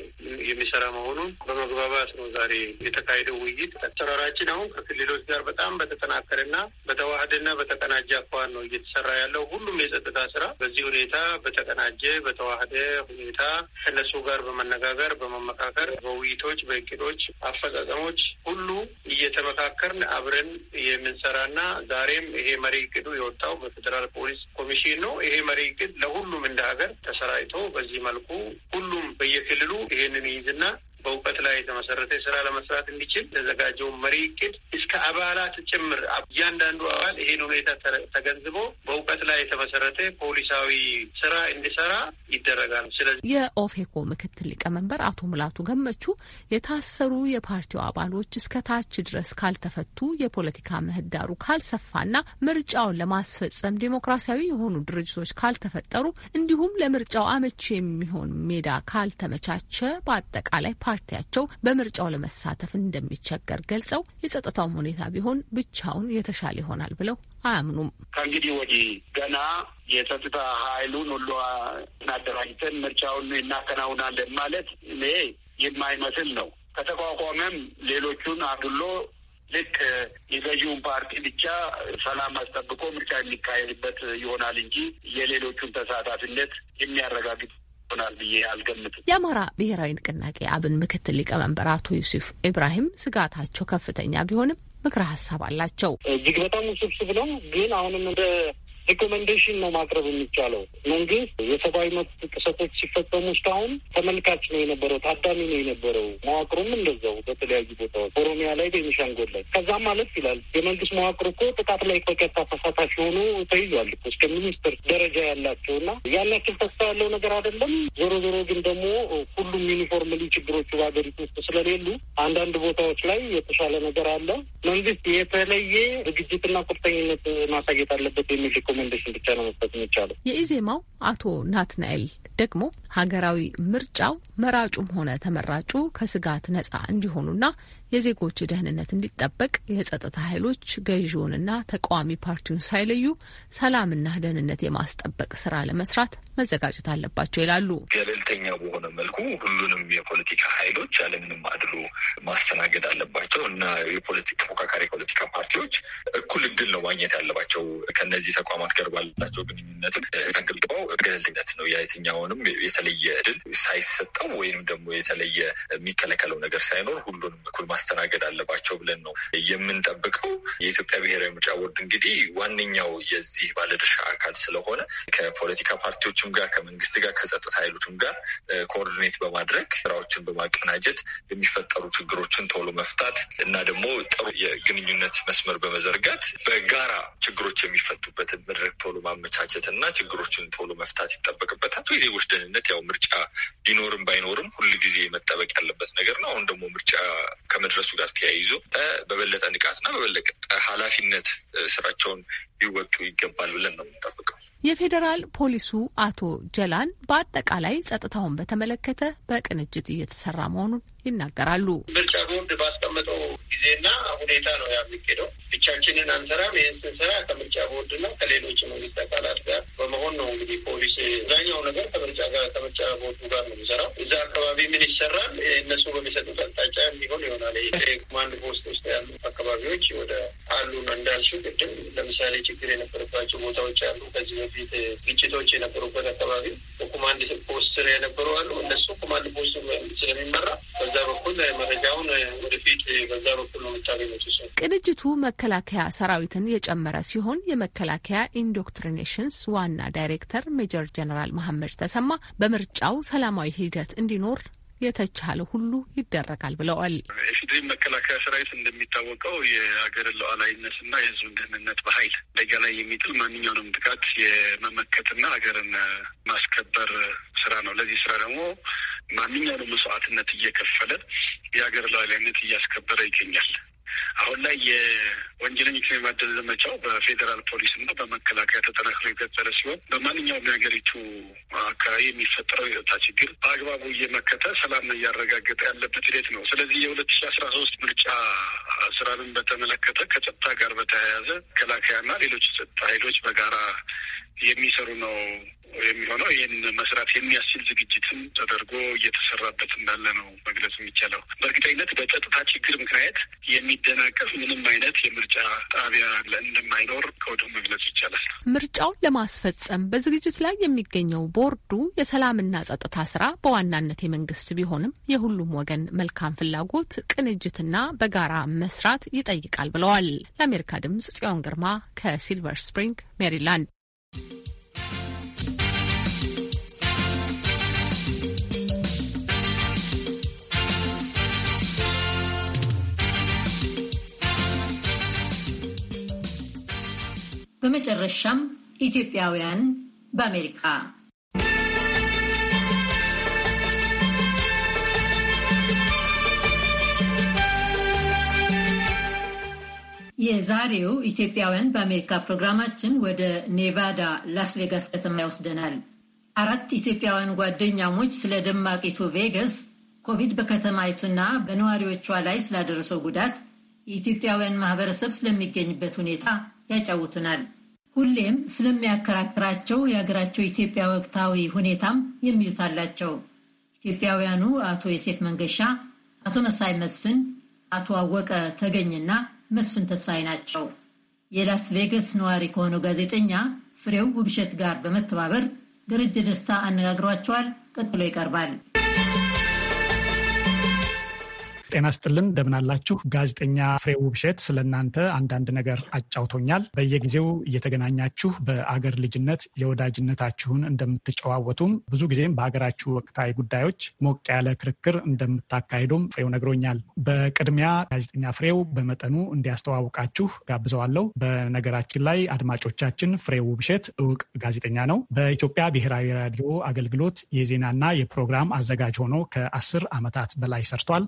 የሚሰራ መሆኑን በመግባባት ነው ዛሬ የተካሄደው ውይይት። አሰራራችን አሁን ከክልሎች ጋር በጣም በተጠናከረና በተዋህደና በተቀናጀ አኳን ነው እየተሰራ ያለው። ሁሉም የጸጥታ ስራ በዚህ ሁኔታ በተቀናጀ በተዋህደ ሁኔታ ከነሱ ጋር በመነጋገር በመመካከር፣ በውይይቶች፣ በእቅዶች አፈጻጸሞች ሁሉ እየተመካከርን አብረን የምንሰራና ዛሬም ይሄ መሪ እቅዱ የወጣው በፌዴራል ፖሊስ ኮሚሽን ነው። ይሄ መሪ እቅድ ለሁሉም እንደ ሀገር ተሰራጭቶ በዚህ መልኩ ሁሉ ሁሉም በየክልሉ ይሄንን ይይዝና በእውቀት ላይ የተመሰረተ ስራ ለመስራት እንዲችል የተዘጋጀውን መሪ እቅድ እስከ አባላት ጭምር እያንዳንዱ አባል ይሄን ሁኔታ ተገንዝቦ በእውቀት ላይ የተመሰረተ ፖሊሳዊ ስራ እንዲሰራ ይደረጋል። ስለዚህ የኦፌኮ ምክትል ሊቀመንበር አቶ ሙላቱ ገመቹ የታሰሩ የፓርቲው አባሎች እስከ ታች ድረስ ካልተፈቱ፣ የፖለቲካ ምህዳሩ ካልሰፋና ምርጫውን ለማስፈጸም ዴሞክራሲያዊ የሆኑ ድርጅቶች ካልተፈጠሩ እንዲሁም ለምርጫው አመቺ የሚሆን ሜዳ ካልተመቻቸ በአጠቃላይ ፓርቲያቸው በምርጫው ለመሳተፍ እንደሚቸገር ገልጸው የጸጥታውም ሁኔታ ቢሆን ብቻውን የተሻለ ይሆናል ብለው አያምኑም። ከእንግዲህ ወዲህ ገና የጸጥታ ኃይሉን ሁሉ እናደራጅተን ምርጫውን እናከናውናለን ማለት እኔ የማይመስል ነው። ከተቋቋመም ሌሎቹን አድሎ ልክ የገዢውን ፓርቲ ብቻ ሰላም አስጠብቆ ምርጫ የሚካሄድበት ይሆናል እንጂ የሌሎቹን ተሳታፊነት የሚያረጋግጥ ይሆናል ብዬ አልገምትም። የአማራ ብሔራዊ ንቅናቄ አብን ምክትል ሊቀመንበር አቶ ዩሱፍ ኢብራሂም ስጋታቸው ከፍተኛ ቢሆንም ምክረ ሀሳብ አላቸው። እጅግ በጣም ውስብስብ ነው። ግን አሁንም እንደ ሪኮመንዴሽን ነው ማቅረብ የሚቻለው። መንግስት የሰብአዊ መብት ጥሰቶች ሲፈጸሙ እስካሁን ተመልካች ነው የነበረው፣ ታዳሚ ነው የነበረው። መዋቅሩም እንደዛው በተለያዩ ቦታዎች ኦሮሚያ ላይ፣ ቤኒሻንጉል ላይ ከዛም ማለት ይላል የመንግስት መዋቅር እኮ ጥቃት ላይ በቀጥታ ተሳታፊ ሆኖ ተይዟል እኮ እስከ ሚኒስትር ደረጃ ያላቸው እና ያን ያክል ተስፋ ያለው ነገር አይደለም። ዞሮ ዞሮ ግን ደግሞ ሁሉም ልዩ ችግሮቹ በሀገሪቱ ውስጥ ስለሌሉ አንዳንድ ቦታዎች ላይ የተሻለ ነገር አለ። መንግስት የተለየ ዝግጅትና ቁርጠኝነት ማሳየት አለበት የሚል ሪኮሜንዴሽን ብቻ ነው መስጠት የሚቻለው። የኢዜማው አቶ ናትናኤል ደግሞ ሀገራዊ ምርጫው መራጩም ሆነ ተመራጩ ከስጋት ነጻ እንዲሆኑና የዜጎች ደህንነት እንዲጠበቅ የጸጥታ ኃይሎች ገዢውንና ተቃዋሚ ፓርቲውን ሳይለዩ ሰላምና ደህንነት የማስጠበቅ ስራ ለመስራት መዘጋጀት አለባቸው ይላሉ። ገለልተኛ በሆነ መልኩ ሁሉንም የፖለቲካ ኃይሎች ያለምንም አድሎ ማስተናገድ አለባቸው እና ተፎካካሪ የፖለቲካ ፓርቲዎች እኩል እድል ነው ማግኘት ያለባቸው። ከነዚህ ተቋማት ገር ባላቸው ግንኙነትም ተገልግበው ገለልተኝነት ነው የትኛውንም የተለየ እድል ሳይሰጠው ወይንም ደግሞ የተለየ የሚከለከለው ነገር ሳይኖር ሁሉንም እኩል ማስተናገድ አለባቸው ብለን ነው የምንጠብቀው። የኢትዮጵያ ብሔራዊ ምርጫ ቦርድ እንግዲህ ዋነኛው የዚህ ባለድርሻ አካል ስለሆነ ከፖለቲካ ፓርቲዎችም ጋር ከመንግስት ጋር ከጸጥታ ኃይሎችም ጋር ኮኦርዲኔት በማድረግ ስራዎችን በማቀናጀት የሚፈጠሩ ችግሮችን ቶሎ መፍታት እና ደግሞ ጥሩ የግንኙነት መስመር በመዘርጋት በጋራ ችግሮች የሚፈቱበትን መድረክ ቶሎ ማመቻቸት እና ችግሮችን ቶሎ መፍታት ይጠበቅበታል። የዜጎች ደህንነት ያው ምርጫ ቢኖርም ባይኖርም ሁል ጊዜ መጠበቅ ያለበት ነገር ነው። አሁን ደግሞ ምርጫ ከመ ከመድረሱ ጋር ተያይዞ በበለጠ ንቃትና በበለጠ ኃላፊነት ስራቸውን ሊወጡ ይገባል ብለን ነው የምንጠብቀው። የፌዴራል ፖሊሱ አቶ ጀላን በአጠቃላይ ጸጥታውን በተመለከተ በቅንጅት እየተሰራ መሆኑን ይናገራሉ። ምርጫ ቦርድ ባስቀመጠው ጊዜና ሁኔታ ነው የሚኬደው። ብቻችንን አንሰራም። ይህን ስንሰራ ከምርጫ ቦርድና ከሌሎች መንግስት አካላት ጋር በመሆን ነው። እንግዲህ ፖሊስ አብዛኛው ነገር ከምርጫ ጋር ከምርጫ ቦርዱ ጋር ነው የሚሰራው። እዛ አካባቢ ምን ይሰራል? እነሱ በሚሰጡት አቅጣጫ የሚሆን ይሆናል። ኮማንድ ፖስት ውስጥ ያሉ አካባቢዎች ወደ አሉ እንዳልሱ ቅድም ለምሳሌ ችግር የነበረባቸው ቦታዎች አሉ። ከዚህ በፊት ግጭቶች የነበሩበት አካባቢ በኮማንድ ፖስት ስር የነበሩ አሉ። እነሱ ኮማንድ ፖስት ስለሚመራ በዛ በኩል መረጃውን ወደፊት በዛ በኩል ነው የምታገኘት። ቅንጅቱ መከላከያ ሰራዊትን የጨመረ ሲሆን የመከላከያ ኢንዶክትሪኔሽንስ ዋና ዳይሬክተር ሜጀር ጀነራል መሐመድ ተሰማ በምርጫው ሰላማዊ ሂደት እንዲኖር የተቻለ ሁሉ ይደረጋል ብለዋል። ኢፌዴሪ መከላከያ ሰራዊት እንደሚታወቀው የሀገርን ሉዓላዊነትና የሕዝብን ደህንነት በኃይል አደጋ ላይ የሚጥል ማንኛውንም ጥቃት የመመከትና ሀገርን ማስከበር ስራ ነው። ለዚህ ስራ ደግሞ ማንኛውንም መስዋዕትነት እየከፈለ የሀገር ሉዓላዊነት እያስከበረ ይገኛል። አሁን ላይ የወንጀለኞች የማደን ዘመቻው በፌዴራል ፖሊስ እና በመከላከያ ተጠናክሮ የቀጠለ ሲሆን በማንኛውም የሀገሪቱ አካባቢ የሚፈጠረው የጸጥታ ችግር በአግባቡ እየመከተ ሰላም እያረጋገጠ ያለበት ሂደት ነው። ስለዚህ የሁለት ሺ አስራ ሶስት ምርጫ ስራንን በተመለከተ ከጸጥታ ጋር በተያያዘ መከላከያና ሌሎች ጸጥታ ኃይሎች በጋራ የሚሰሩ ነው የሚሆነው። ይህን መስራት የሚያስችል ዝግጅትም ተደርጎ እየተሰራበት እንዳለ ነው መግለጽ የሚቻለው። በእርግጠኝነት በጸጥታ ችግር ምክንያት የሚደናቀፍ ምንም አይነት የምርጫ ጣቢያ እንደማይኖር ከወዲሁ መግለጽ ይቻላል። ምርጫውን ለማስፈጸም በዝግጅት ላይ የሚገኘው ቦርዱ የሰላምና ጸጥታ ስራ በዋናነት የመንግስት ቢሆንም የሁሉም ወገን መልካም ፍላጎት፣ ቅንጅትና በጋራ መስራት ይጠይቃል ብለዋል። ለአሜሪካ ድምጽ ጽዮን ግርማ ከሲልቨር ስፕሪንግ ሜሪላንድ በመጨረሻም ኢትዮጵያውያን በአሜሪካ የዛሬው ኢትዮጵያውያን በአሜሪካ ፕሮግራማችን ወደ ኔቫዳ ላስ ቬጋስ ከተማ ይወስደናል። አራት ኢትዮጵያውያን ጓደኛሞች ስለ ደማቂቱ ቬጋስ፣ ኮቪድ በከተማይቱና በነዋሪዎቿ ላይ ስላደረሰው ጉዳት፣ የኢትዮጵያውያን ማህበረሰብ ስለሚገኝበት ሁኔታ ያጫውቱናል። ሁሌም ስለሚያከራክራቸው የሀገራቸው ኢትዮጵያ ወቅታዊ ሁኔታም የሚሉት አላቸው። ኢትዮጵያውያኑ አቶ ዮሴፍ መንገሻ፣ አቶ መሳይ መስፍን፣ አቶ አወቀ ተገኝና መስፍን ተስፋዬ ናቸው። የላስ ቬገስ ነዋሪ ከሆነው ጋዜጠኛ ፍሬው ውብሸት ጋር በመተባበር ደረጀ ደስታ አነጋግሯቸዋል። ቀጥሎ ይቀርባል። ጤና ስጥልን እንደምናላችሁ። ጋዜጠኛ ፍሬው ውብሸት ስለ እናንተ አንዳንድ ነገር አጫውቶኛል። በየጊዜው እየተገናኛችሁ በአገር ልጅነት የወዳጅነታችሁን እንደምትጨዋወቱም ብዙ ጊዜም በሀገራችሁ ወቅታዊ ጉዳዮች ሞቅ ያለ ክርክር እንደምታካሂዱም ፍሬው ነግሮኛል። በቅድሚያ ጋዜጠኛ ፍሬው በመጠኑ እንዲያስተዋውቃችሁ ጋብዘዋለሁ። በነገራችን ላይ አድማጮቻችን ፍሬው ውብሸት እውቅ ጋዜጠኛ ነው። በኢትዮጵያ ብሔራዊ ራዲዮ አገልግሎት የዜናና የፕሮግራም አዘጋጅ ሆኖ ከአስር ዓመታት በላይ ሰርቷል።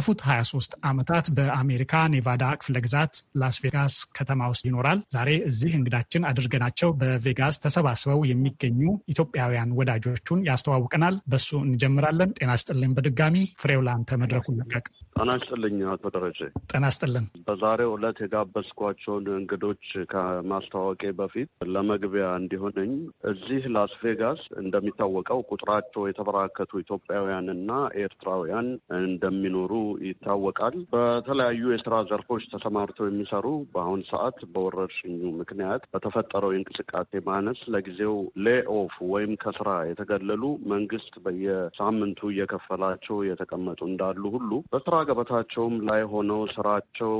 ላለፉት 23 ዓመታት በአሜሪካ ኔቫዳ ክፍለ ግዛት ላስ ቬጋስ ከተማ ውስጥ ይኖራል። ዛሬ እዚህ እንግዳችን አድርገናቸው በቬጋስ ተሰባስበው የሚገኙ ኢትዮጵያውያን ወዳጆቹን ያስተዋውቀናል። በሱ እንጀምራለን። ጤና ስጥልን። በድጋሚ ፍሬው ለአንተ መድረኩን ለቀቅ። ጤና ይስጥልኝ አቶ ደረጀ። ጤና ይስጥልን። በዛሬው ዕለት የጋበዝኳቸውን እንግዶች ከማስተዋወቄ በፊት ለመግቢያ እንዲሆነኝ እዚህ ላስ ቬጋስ እንደሚታወቀው ቁጥራቸው የተበራከቱ ኢትዮጵያውያንና ኤርትራውያን እንደሚኖሩ ይታወቃል። በተለያዩ የስራ ዘርፎች ተሰማርተው የሚሰሩ በአሁን ሰዓት በወረርሽኙ ምክንያት በተፈጠረው የእንቅስቃሴ ማነስ ለጊዜው ሌኦፍ ወይም ከስራ የተገለሉ መንግስት በየሳምንቱ እየከፈላቸው የተቀመጡ እንዳሉ ሁሉ በስራ ገበታቸውም ላይ ሆነው ስራቸው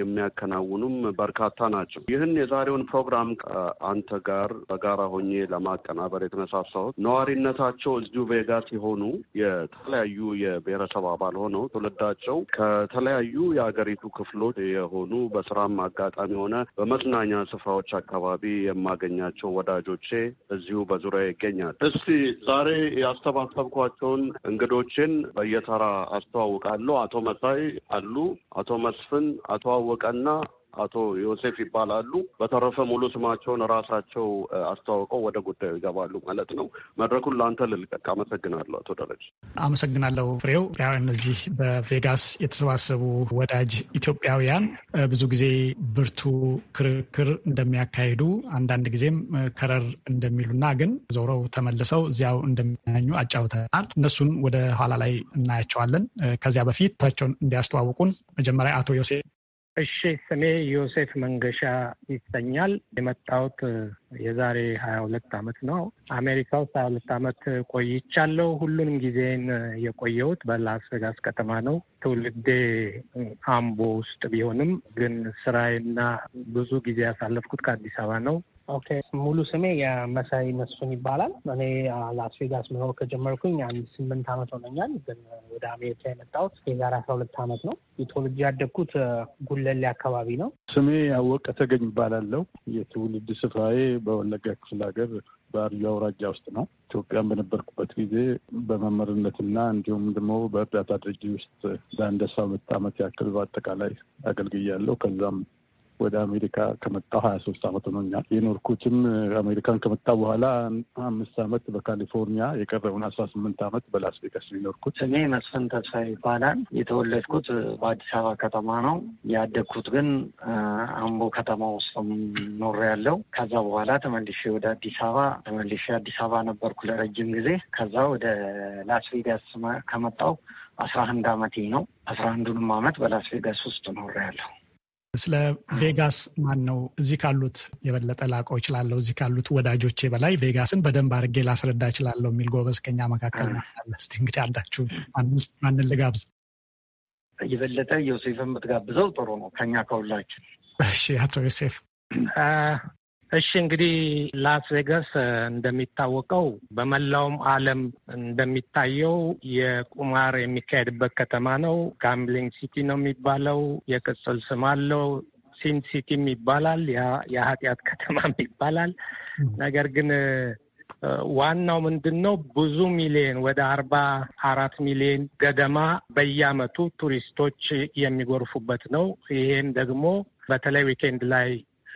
የሚያከናውኑም በርካታ ናቸው። ይህን የዛሬውን ፕሮግራም አንተ ጋር በጋራ ሆኜ ለማቀናበር የተነሳሳሁት ነዋሪነታቸው እዚሁ ቬጋ ሲሆኑ የተለያዩ የብሔረሰብ አባል ሆነው ትውልዳቸው ከተለያዩ የሀገሪቱ ክፍሎች የሆኑ በስራም አጋጣሚ ሆነ በመዝናኛ ስፍራዎች አካባቢ የማገኛቸው ወዳጆቼ እዚሁ በዙሪያ ይገኛል። እስቲ ዛሬ ያስተባሰብኳቸውን እንግዶችን በየተራ አስተዋውቃለሁ። አቶ መሳይ አሉ፣ አቶ መስፍን፣ አቶ አወቀና አቶ ዮሴፍ ይባላሉ። በተረፈ ሙሉ ስማቸውን ራሳቸው አስተዋውቀው ወደ ጉዳዩ ይገባሉ ማለት ነው። መድረኩን ለአንተ ልልቀቅ። አመሰግናለሁ አቶ ደረጅ። አመሰግናለሁ ፍሬው። እነዚህ በቬጋስ የተሰባሰቡ ወዳጅ ኢትዮጵያውያን ብዙ ጊዜ ብርቱ ክርክር እንደሚያካሂዱ አንዳንድ ጊዜም ከረር እንደሚሉና ግን ዞረው ተመልሰው እዚያው እንደሚገናኙ አጫውተናል። እነሱን ወደ ኋላ ላይ እናያቸዋለን። ከዚያ በፊት ቸውን እንዲያስተዋውቁን መጀመሪያ አቶ ዮሴፍ እሺ ስሜ ዮሴፍ መንገሻ ይሰኛል። የመጣሁት የዛሬ ሀያ ሁለት አመት ነው። አሜሪካ ውስጥ ሀያ ሁለት አመት ቆይቻለሁ። ሁሉንም ጊዜን የቆየሁት በላስ ቬጋስ ከተማ ነው። ትውልዴ አምቦ ውስጥ ቢሆንም ግን ስራዬና ብዙ ጊዜ ያሳለፍኩት ከአዲስ አበባ ነው። ኦኬ ሙሉ ስሜ የመሳይ መስፍን ይባላል። እኔ ላስ ቬጋስ መኖር ከጀመርኩኝ አንድ ስምንት አመት ሆነኛል። ግን ወደ አሜሪካ የመጣሁት የዛሬ አስራ ሁለት አመት ነው። የተወልጄ ያደግኩት ጉለሌ አካባቢ ነው። ስሜ ያወቀ ተገኝ ይባላለው። የትውልድ ስፍራዬ በወለጋ ክፍለ ሀገር በአርዩ አውራጃ ውስጥ ነው። ኢትዮጵያን በነበርኩበት ጊዜ በመምህርነትና እንዲሁም ደግሞ በእርዳታ ድርጅት ውስጥ ለአንድ አስራ ሁለት አመት ያክል በአጠቃላይ አገልግያለሁ። ከዛም ወደ አሜሪካ ከመጣሁ ሀያ ሶስት አመት ሆኖኛል። የኖርኩትም አሜሪካን ከመጣ በኋላ አምስት አመት በካሊፎርኒያ የቀረውን አስራ ስምንት አመት በላስ ቬጋስ የኖርኩት። እኔ መስፍን ተስፋ ይባላል። የተወለድኩት በአዲስ አበባ ከተማ ነው። ያደግኩት ግን አምቦ ከተማ ውስጥ ኖር ያለው። ከዛ በኋላ ተመልሼ ወደ አዲስ አበባ ተመልሼ አዲስ አበባ ነበርኩ ለረጅም ጊዜ። ከዛ ወደ ላስ ቬጋስ ከመጣሁ አስራ አንድ አመቴ ነው። አስራ አንዱንም አመት በላስ ቬጋስ ውስጥ ኖር ያለው ስለ ቬጋስ ማን ነው እዚህ ካሉት የበለጠ ላቀው እችላለሁ፣ እዚህ ካሉት ወዳጆቼ በላይ ቬጋስን በደንብ አድርጌ ላስረዳ እችላለሁ የሚል ጎበዝ ከኛ መካከል ናለ። ስ እንግዲህ አንዳችሁ ማንን ልጋብዝ? የበለጠ ዮሴፍን ብትጋብዘው ጥሩ ነው ከኛ ከሁላችን። እሺ አቶ ዮሴፍ እሺ እንግዲህ ላስ ቬገስ እንደሚታወቀው በመላውም ዓለም እንደሚታየው የቁማር የሚካሄድበት ከተማ ነው። ጋምብሊንግ ሲቲ ነው የሚባለው። የቅጽል ስም አለው። ሲን ሲቲም ይባላል። የኃጢአት ከተማም ይባላል። ነገር ግን ዋናው ምንድን ነው? ብዙ ሚሊዮን ወደ አርባ አራት ሚሊዮን ገደማ በየአመቱ ቱሪስቶች የሚጎርፉበት ነው። ይሄም ደግሞ በተለይ ዊኬንድ ላይ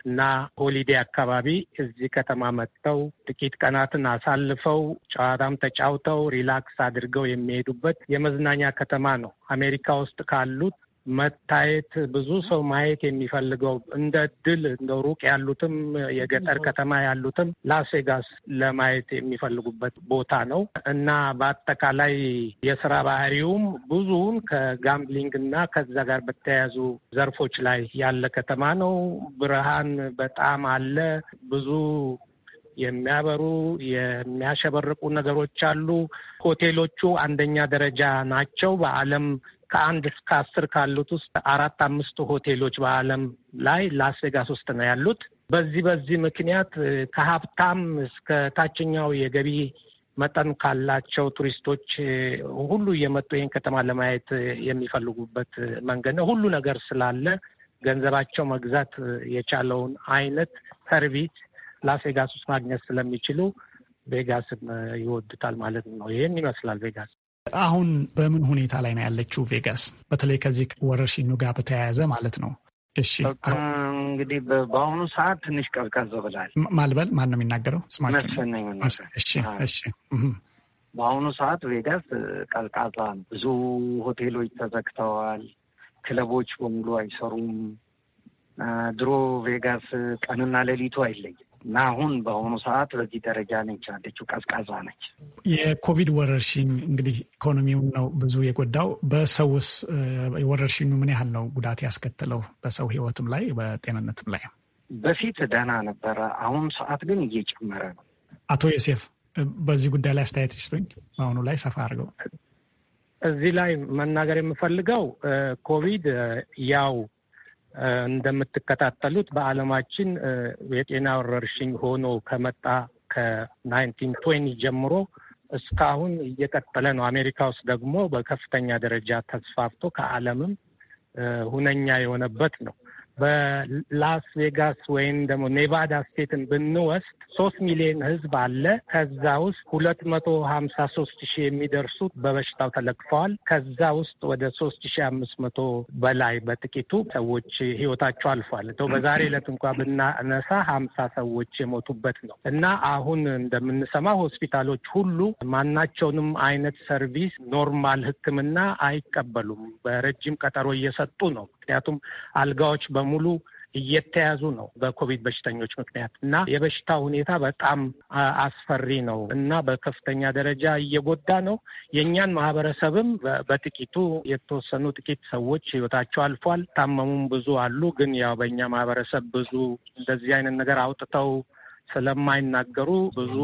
እና ሆሊዴ አካባቢ እዚህ ከተማ መጥተው ጥቂት ቀናትን አሳልፈው ጨዋታም ተጫውተው ሪላክስ አድርገው የሚሄዱበት የመዝናኛ ከተማ ነው። አሜሪካ ውስጥ ካሉት መታየት ብዙ ሰው ማየት የሚፈልገው እንደ ድል እንደ ሩቅ ያሉትም የገጠር ከተማ ያሉትም ላስቬጋስ ለማየት የሚፈልጉበት ቦታ ነው እና በአጠቃላይ የስራ ባህሪውም ብዙውን ከጋምብሊንግ እና ከዛ ጋር በተያያዙ ዘርፎች ላይ ያለ ከተማ ነው። ብርሃን በጣም አለ። ብዙ የሚያበሩ የሚያሸበርቁ ነገሮች አሉ። ሆቴሎቹ አንደኛ ደረጃ ናቸው በዓለም ከአንድ እስከ አስር ካሉት ውስጥ አራት አምስቱ ሆቴሎች በዓለም ላይ ላስ ቬጋስ ውስጥ ነው ያሉት። በዚህ በዚህ ምክንያት ከሀብታም እስከ ታችኛው የገቢ መጠን ካላቸው ቱሪስቶች ሁሉ እየመጡ ይህን ከተማ ለማየት የሚፈልጉበት መንገድ ነው። ሁሉ ነገር ስላለ ገንዘባቸው መግዛት የቻለውን አይነት ሰርቪስ ላስ ቬጋስ ውስጥ ማግኘት ስለሚችሉ ቬጋስን ይወዱታል ማለት ነው። ይህን ይመስላል ቬጋስ። አሁን በምን ሁኔታ ላይ ነው ያለችው ቬጋስ? በተለይ ከዚህ ወረርሽኙ ጋር በተያያዘ ማለት ነው። እሺ እንግዲህ በአሁኑ ሰዓት ትንሽ ቀዝቀዝ ብላል። ማልበል ማን ነው የሚናገረው? እሺ በአሁኑ ሰዓት ቬጋስ ቀዝቃዛ ነው። ብዙ ሆቴሎች ተዘግተዋል። ክለቦች በሙሉ አይሰሩም። ድሮ ቬጋስ ቀንና ሌሊቱ አይለይም። እና አሁን በአሁኑ ሰዓት በዚህ ደረጃ ነች ያለችው፣ ቀዝቃዛ ነች። የኮቪድ ወረርሽኝ እንግዲህ ኢኮኖሚውን ነው ብዙ የጎዳው። በሰውስ ወረርሽኙ ምን ያህል ነው ጉዳት ያስከተለው በሰው ህይወትም ላይ በጤንነትም ላይ? በፊት ደህና ነበረ፣ አሁን ሰዓት ግን እየጨመረ ነው። አቶ ዮሴፍ በዚህ ጉዳይ ላይ አስተያየት ይስጡኝ፣ በአሁኑ ላይ ሰፋ አድርገው። እዚህ ላይ መናገር የምፈልገው ኮቪድ ያው እንደምትከታተሉት በዓለማችን የጤና ወረርሽኝ ሆኖ ከመጣ ከናይንቲን ትዌንቲ ጀምሮ እስካሁን እየቀጠለ ነው። አሜሪካ ውስጥ ደግሞ በከፍተኛ ደረጃ ተስፋፍቶ ከዓለምም ሁነኛ የሆነበት ነው። በላስ ቬጋስ ወይም ደግሞ ኔቫዳ ስቴትን ብንወስድ ሶስት ሚሊዮን ህዝብ አለ። ከዛ ውስጥ ሁለት መቶ ሀምሳ ሶስት ሺህ የሚደርሱት በበሽታው ተለቅፈዋል። ከዛ ውስጥ ወደ ሶስት ሺህ አምስት መቶ በላይ በጥቂቱ ሰዎች ህይወታቸው አልፏል። በዛሬ ዕለት እንኳ ብናነሳ ሀምሳ ሰዎች የሞቱበት ነው እና አሁን እንደምንሰማ ሆስፒታሎች ሁሉ ማናቸውንም አይነት ሰርቪስ ኖርማል ህክምና አይቀበሉም። በረጅም ቀጠሮ እየሰጡ ነው። ምክንያቱም አልጋዎች በሙሉ እየተያዙ ነው በኮቪድ በሽተኞች ምክንያት እና የበሽታ ሁኔታ በጣም አስፈሪ ነው እና በከፍተኛ ደረጃ እየጎዳ ነው። የእኛን ማህበረሰብም በጥቂቱ የተወሰኑ ጥቂት ሰዎች ሕይወታቸው አልፏል። ታመሙም ብዙ አሉ። ግን ያው በእኛ ማህበረሰብ ብዙ እንደዚህ አይነት ነገር አውጥተው ስለማይናገሩ ብዙ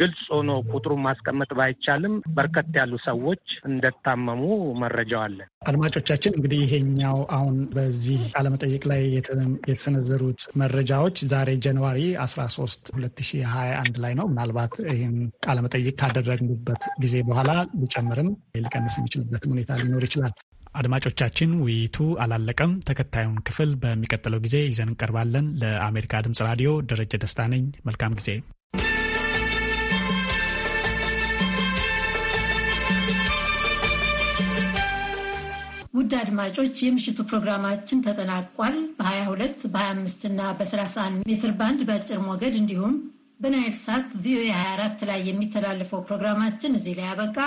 ግልጽ ሆኖ ቁጥሩን ማስቀመጥ ባይቻልም በርከት ያሉ ሰዎች እንደታመሙ መረጃው አለ። አድማጮቻችን እንግዲህ ይሄኛው አሁን በዚህ ቃለመጠይቅ ላይ የተሰነዘሩት መረጃዎች ዛሬ ጃንዋሪ 13 2021 ላይ ነው። ምናልባት ይህን ቃለመጠይቅ ካደረግንበት ጊዜ በኋላ ሊጨምርም ሊቀንስ የሚችልበትም ሁኔታ ሊኖር ይችላል። አድማጮቻችን፣ ውይይቱ አላለቀም። ተከታዩን ክፍል በሚቀጥለው ጊዜ ይዘን እንቀርባለን። ለአሜሪካ ድምጽ ራዲዮ ደረጀ ደስታ ነኝ። መልካም ጊዜ። ውድ አድማጮች የምሽቱ ፕሮግራማችን ተጠናቋል። በ22 በ25 እና በ31 ሜትር ባንድ በአጭር ሞገድ እንዲሁም በናይል ሳት ቪኦኤ 24 ላይ የሚተላለፈው ፕሮግራማችን እዚህ ላይ አበቃ።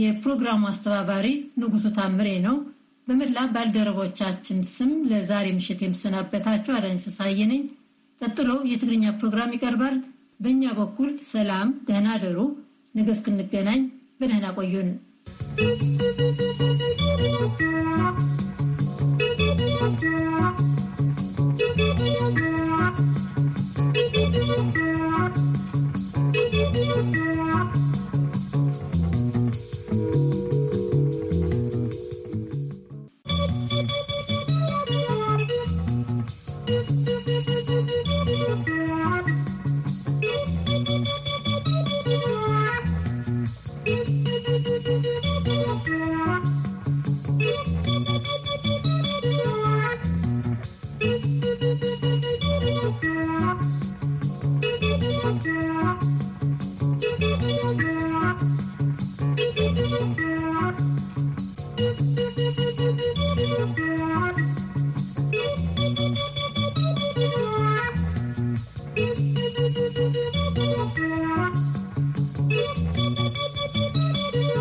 የፕሮግራሙ አስተባባሪ ንጉሱ ታምሬ ነው። በመላ ባልደረቦቻችን ስም ለዛሬ ምሽት የምሰናበታችሁ አዳኝ ፍሳዬ ነኝ። ቀጥሎ የትግርኛ ፕሮግራም ይቀርባል። በእኛ በኩል ሰላም፣ ደህና ደሩ። ነገ እስክንገናኝ በደህና ቆዩን።